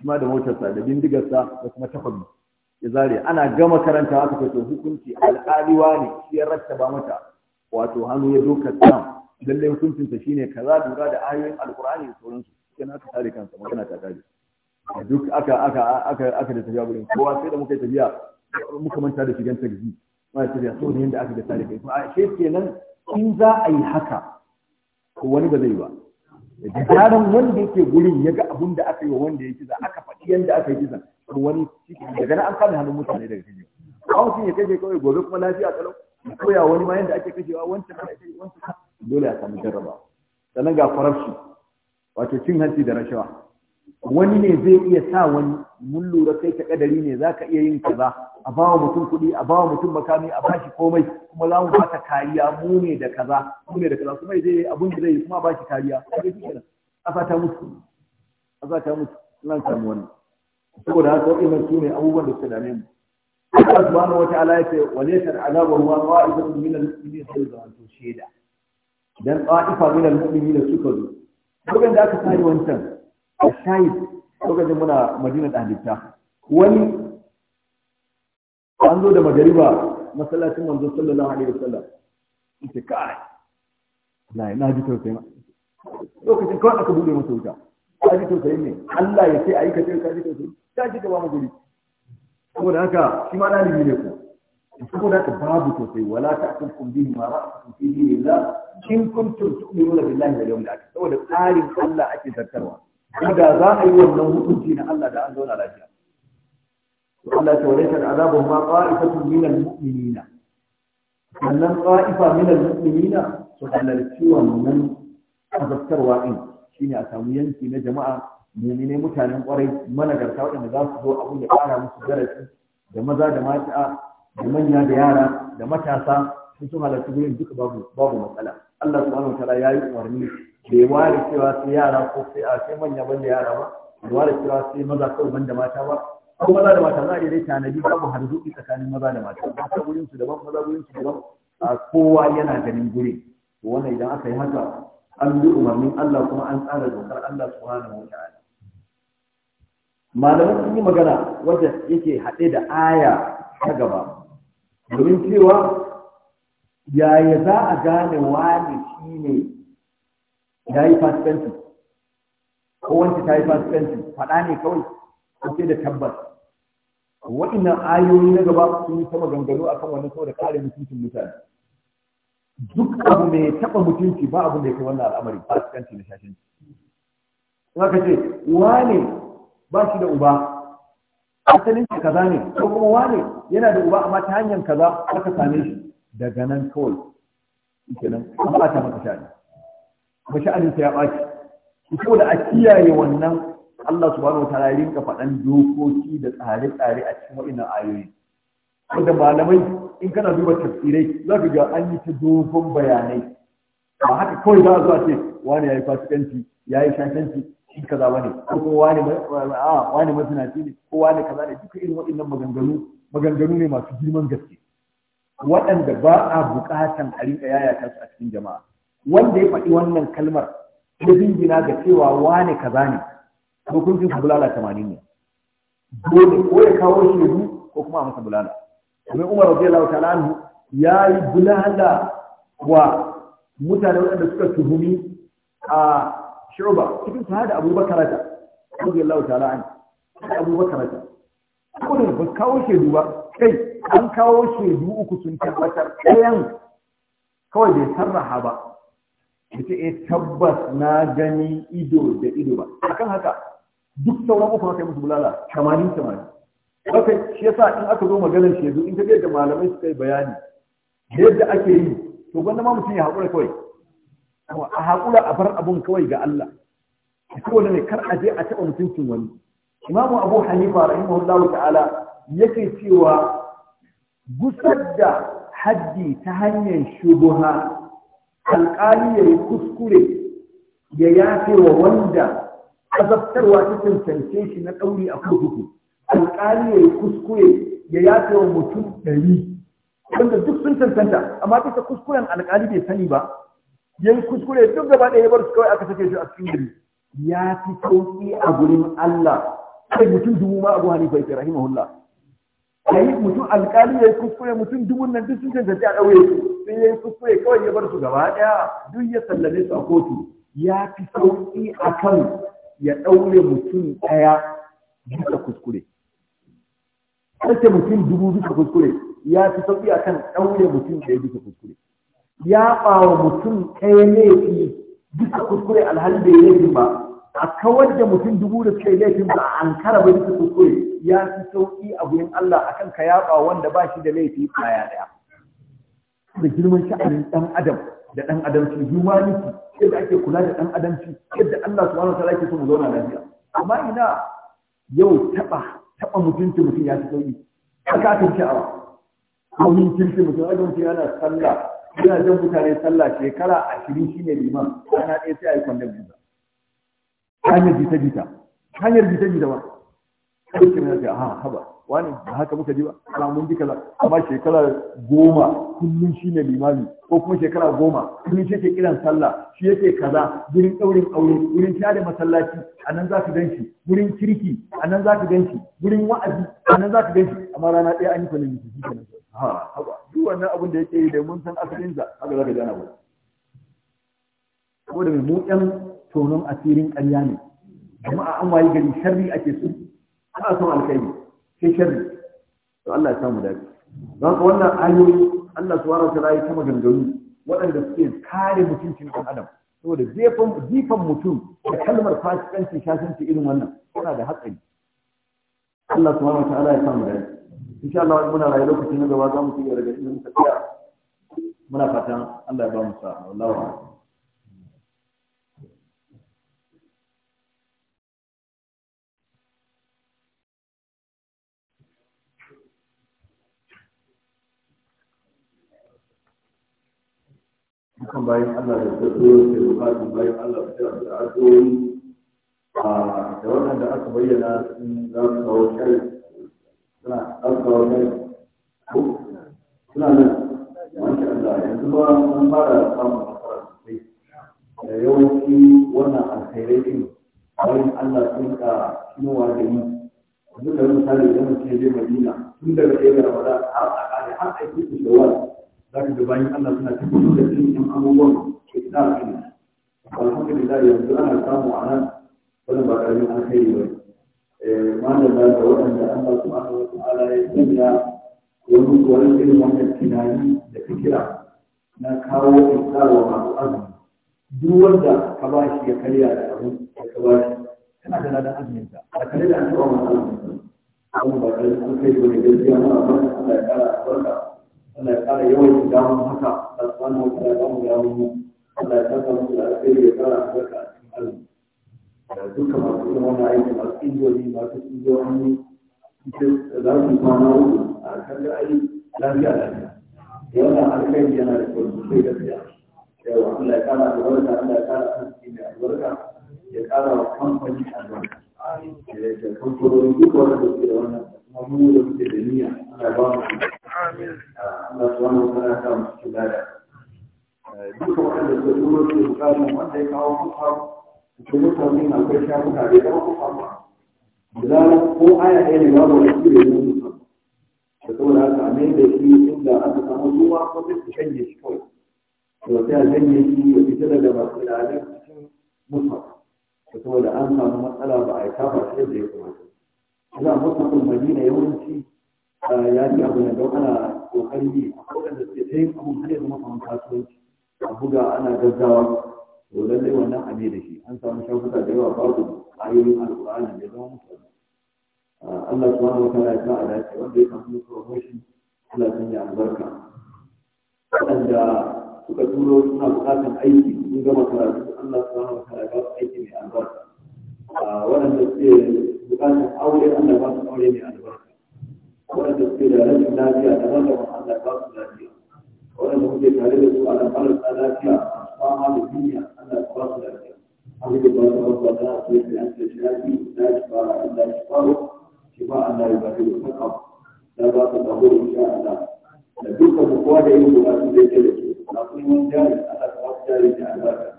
kuma da motarsa da bindigarsa da kuma takwabi ya zare ana gama karantawa aka fito hukunci al'aliwa ne shi ya rattaba mata wato hannu ya doka sam lallai hukuncinsa shine kaza lura da ayoyin alkur'ani da sauransu kenan aka tare kansa magana ta tare duk aka aka aka aka da tafiya gurin kowa sai da muka yi tafiya muka manta da shigan tarzi ma tafiya so ne yanda aka ga tare kai to a shi kenan in za a yi haka ko wani ba zai ba da zaran wanda yake gurin ya ga abun da aka yi wa wanda ya kiza aka faɗi yadda aka yi kiza ko wani daga nan an kame hannun mutane daga kaje kawai shi ya kashe kawai gobe kuma lafiya kalau koya wani ma yadda ake kashewa wancan kai, wancan dole a samu jarraba sannan ga farashi wato cin hanci da rashawa wani ne zai iya sa wani mun lura kai ta kadari ne zaka iya yin kaza a ba wa mutum kuɗi a ba wa mutum makami a bashi komai kuma za mu baka kariya mu ne da kaza mu ne da kaza kuma zai abun da zai yi kuma bashi kariya kaje shi kenan asa ta mutu asa ta mutu nan samu wannan saboda haka wa'annan su ne abubuwan da suka dame mu Allah subhanahu wata'ala ya ce wa laysa al'azabu wa qa'ifatun min al-muslimin sai da to sheda dan qa'ifa min al-muslimin suka zo lokacin da aka tsari wancan a lokacin muna madina halitta. wani an zo da magariba masallacin manzo sallallahu alaihi wasallam ita kai na na ji tausayi lokacin kawai aka bude masa wuta ka ji tausayi ne Allah ya ce a yi ka ce ka ji tausayi ka ji ka ba mu guri saboda haka shi ma ɗalibi ne ko saboda haka babu tausayi wala ta'tukum bihi ma ra'akum fi dinillah in kuntum tu'minuna billahi wal yawmil akhir saboda tsarin Allah ake zartarwa ko za a yi wannan hukunci na Allah da an zauna lafiya to Allah ta walaita da azabun ma qa'ifatun min muminina sannan qa'ifa minal muminina su halarci wannan azabtarwa din shine a samu yanki na jama'a mu'mine mutanen kwarai managarta waɗanda za su zo abin da ƙara musu darasi da maza da mata da manya da yara da matasa sun halarci gurin duka babu matsala Allah subhanahu wa ta'ala yayi umarni bai ware cewa sai yara ko sai a sai manya ban da yara ba bai ware cewa sai maza kawai ban da mata ba ko maza da mata za a dai tanadi babu harzuki tsakanin maza da mata maza gurin su daban maza gurin su daban a kowa yana ganin gure wannan idan aka yi haka an bi umarnin Allah kuma an tsara dokar Allah subhanahu wa ta'ala Malamin sun yi magana wadda yake haɗe da aya ta gaba domin cewa yaya za a gane wani shi ne ya yi fasikanci ko wancan ta yi fasikanci faɗa ne kawai ko da tabbas waɗannan ayoyi na gaba sun yi sama gangano a kan wannan saboda kare mutuncin mutane duk abu mai taɓa mutunci ba abu da ya kai wannan al'amari fasikanci na shashanci in haka ce wane ba shi da uba asalin shi kaza ne ko kuma wane yana da uba amma ta hanyar kaza aka same shi daga nan kawai kenan an ta maka shani ba sha'aninsa ya ɓaci saboda a kiyaye wannan Allah subhanahu wa ta'ala ya rinka faɗan dokoki da tsare-tsare a cikin waɗannan ayoyi wanda malamai in kana duba tafsirai za ka ga an yi ta dogon bayanai ba haka kawai za a zo a ce wani yayi fasikanci yayi shakanci shi kaza ne, ko kuma wani a wani masinaci ne ko wani kaza ne duka irin waɗannan maganganu maganganu ne masu girman gaske waɗanda ba a buƙatan a rinka yayata su a cikin jama'a wanda ya faɗi wannan kalmar ta jingina ga cewa wane kaza ne kun sa bulala tamanin ne dole ko ya kawo shehu ko kuma a masa bulala domin umar radiyallahu ta'ala anhu ya yi bulala wa mutane waɗanda suka tuhumi a shuba cikin su hada abubakar ta radiyallahu ta'ala anhu abubakar ta ko da ba kawo shehu ba kai an kawo shehu uku sun tabbatar ɗayan kawai bai sarraha ba yace eh tabbas na gani ido da ido ba A kan haka duk sauran uku kai musu bulala tamanin tamanin ok shi yasa in aka zo maganar shedu in ka ga da malamai suka yi bayani yadda ake yi to gwanda ma mutum ya haƙura kawai a haƙura a bar abun kawai ga Allah a kowane ne kar a je a taɓa mutuncin wani imamu abu hanifa rahimahullahu ta'ala yake cewa gusar da haddi ta hanyar shubuha alƙali ya yi kuskure ya yafe wa wanda azabtarwa ta cancance shi na ɗauri a kurkuku alƙali ya yi kuskure ya yafe wa mutum ɗari wanda duk sun cancanta amma bisa kuskuren alƙali bai sani ba ya yi kuskure duk gaba ɗaya bar su kawai aka sake shi a cikin gari ya fi sauƙi a gurin Allah sai mutum dubu ma abu hanifa yake rahimahullah a yi mutum alƙali ya yi kuskure mutum dubu nan duk sun cancanci a ɗauye su sai ya yi kuskure kawai ya bar su gaba ɗaya duk ya sallame su a kotu ya fi sauƙi a kan ya ɗaure mutum ɗaya bisa kuskure kace mutum dubu bisa kuskure ya fi a kan ɗaure mutum ɗaya bisa kuskure ya ɓawa mutum ɗaya laifi bisa kuskure alhali da ya laifin ba a kawar da mutum dubu da suka yi laifin ba a ankara ba bisa kuskure ya fi sauƙi a guyin Allah akan ka yaɓa wanda ba shi da laifi baya ɗaya da girman sha'anin ɗan adam da ɗan adamci humanity yadda ake kula da ɗan adamci yadda Allah subhanahu wa ta'ala yake so mu zauna lafiya amma ina yau taɓa taɓa mutunci mutum ya fi sauki haka aka sha'awa kawai kirki mutum a mutum yana sallah yana jan mutane sallah shekara ashirin shine liman ana ɗaya sai a yi kwandon biza hanyar jita jita hanyar jita jita ba kawai ke mana ha haba wani da haka muka ji ba ana mun ji kaza amma shekara goma kullum shi ne limami ko kuma shekara goma kullum shi yake kiran sallah shi yake kaza wurin ɗaurin aure wurin share masallaci a nan za ka gan shi wurin kirki a nan za ka gan shi wurin wa'azi a nan za ka gan shi amma rana ɗaya an yi kwanin mutum shi kenan ha duk wannan abin da yake yi da mun san asalinsa haka za ka gana ba saboda mai mu ƴan tonon asirin ƙarya ne jama'a an wayi gari sharri ake so ana son alkhairi sai sharri to Allah ya samu dace don haka wannan ayoyi Allah subhanahu wataala ya ta maganganu waɗanda suke kare mutuncin ɗan adam saboda jifan mutum da kalmar fasikanci shashanci irin wannan yana da hatsari Allah subhanahu wataala ya samu dace insha Allah muna rayu lokacin na gaba za mu ci daga da ilimin tafiya muna fatan Allah ya ba mu sa'a wallahi dukan bayan Allah da ta zo ke bukatun bayan Allah da ta addu'o'i da wannan aka bayyana sun za su kawo shari suna za su kawo shari suna nan Allah yanzu ba mun fara samun nasara sosai da yawanci wannan alkhairai din bayan Allah sun ka kinowa da yi yanzu da misali idan mutum ya je Madina tun daga ɗaya da Ramadan a ƙare har a yi da wani zaka ka bayan Allah suna cikin da cikin abubuwan ke da su alhamdulillah yanzu ana samu a nan wani ba ƙaramin alkhairi ba eh, malama da waɗanda Allah subhanahu wa ta'ala ya sanya wani wani irin wannan tunani da fikira na kawo isarwa masu azumi duk wanda ka ba shi ya karya da abu da ka ba shi kana da ladan azumin ta a kare da an taɓa masu azumin ta abu ba ƙaramin alkhairi ba ne gaskiya a ba Allah ya ƙara albarka Allah ya ƙara yawan damun haka a tsanin wata ya damu da yawon mu Allah ya saka musu da alkhairi ya ƙara albarka a cikin arziki da duka masu yin wani aiki masu injoni masu injoni da za su kwana uku a alkalin aiki lafiya lafiya yawan alkhairi yana da kyau sosai gaskiya yawa Allah ya ƙara albarka Allah ya ƙara arziki mai albarka ya ƙara wa kamfani albarka da kamfanoni duk wanda suke da wannan kuma mu da muke da niyya ana ba mu amin duka waɗanda suka turo su wanda ya kawo kusa su mutane na kai da yawa ba da ko aya da saboda haka a da samu zuwa zai kawai daga masu an samu matsala ba a yi kafa shi yadda ya kamata. Ina musa kun madina yawanci ya ji abu na don ana kokarin yi a kokarin da suke ta yin abun har ya zama kamar kasuwanci a buga ana gaggawa to lallai wannan a da shi an samu shafuka da yawa babu ayoyin alƙur'ani da zama musu Allah subhanahu wa ta'ala ya a dace wanda ya samu promotion Allah sun yi albarka waɗanda suka turo suna buƙatar aiki sun gama karatu Allah subhanahu wa ta'ala ya su aiki mai albarka waɗanda suke buƙatar aure Allah ba su aure mai albarka wanda suke da rashin lafiya da wanda Allah ba su lafiya wanda muke tare da su a nan marasa lafiya fama da duniya Allah ba su lafiya abin da ba su ba ba za su yi an ce shafi da shi ba Allah shi faro shi ba Allah ya bari da saka da ba su da horo insha Allah da dukkan kowa da yin bukatu da yake da su akwai wani jari Allah ba su jari da albarka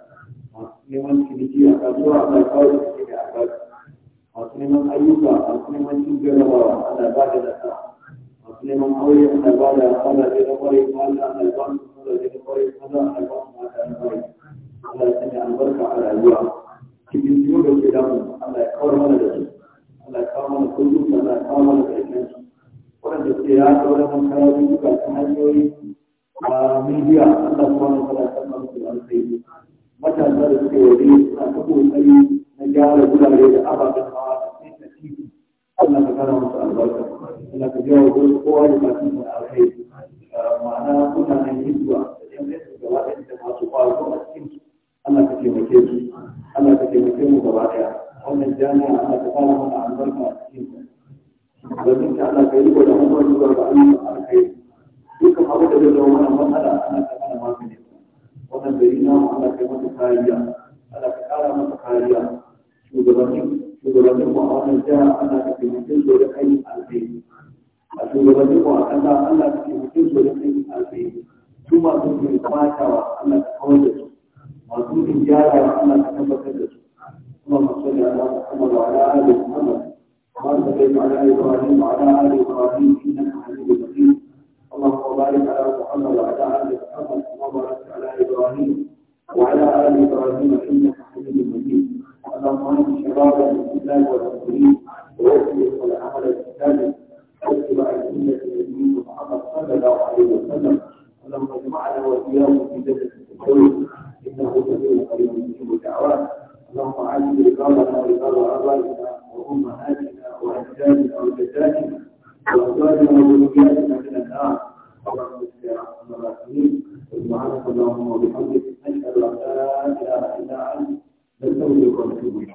masu neman ciniki a kasuwa Allah ya kawo da albarka masu neman ayyuka masu neman cin jarabawa ana ba da zaka masu neman aure ana ba da mazaje na kwarai mata ana ba su mazaje na kwarai maza ana ba su mata na kwarai Allah ya sanya albarka a rayuwa cikin ciwo da ke damu Allah ya kawar mana da su Allah ya kawo mana kudu Allah ya kawo mana karshen su waɗanda suke ya kawo mana karabi duka ta hanyoyi a midiya Allah kuma na fara kan masu alkhairi matasa da suke waje suna ta kokari na gyara gurare da ababen hawa Allah ka kara albarka Allah ka biya wa kowa da masu da ah, ma'ana mutanen hizba da yan kai gaba ɗaya da masu ko a cikin su Allah ka taimake su Allah ka taimake mu gaba daya wannan jami'a Allah ka kara mana albarka a cikin ta domin ta Allah ka yi da mu wani zuwa ga Allah alheri dukkan abu da zai zama mana matsala Allah ka wannan gari na Allah ka yi masa kariya Allah ka kara masa kariya shugabannin shugabannin mu a wannan jiha Allah ka taimakin su da kai alheri a shugabannin mu a ƙasa Allah ka taimakin su da kai alheri su masu yin kwatawa Allah ka kawar da su masu yin gyarawa Allah ka tabbatar da su اللهم صل على محمد وعلى ال محمد كما صليت على ابراهيم وعلى ال ابراهيم انك حميد مجيد اللهم بارك على محمد وعلى ال محمد كما باركت على ابراهيم وعلى ال ابراهيم انك حميد مجيد اللهم انت شباب الاسلام والمسلمين ووفق العمل الاسلامي واتبع سنه النبي محمد صلى الله عليه وسلم اللهم اجمعنا واياهم في جنه الفردوس انه سميع قريب مجيب الدعوات اللهم عجل رقابنا ورقاب ابائنا وامهاتنا واجدادنا وجداتنا وازواجنا وذرياتنا من النار اللهم اجعل رحمه الراحمين سبحانك اللهم وبحمدك اشهد ان لا اله الا انت don saboda kwanci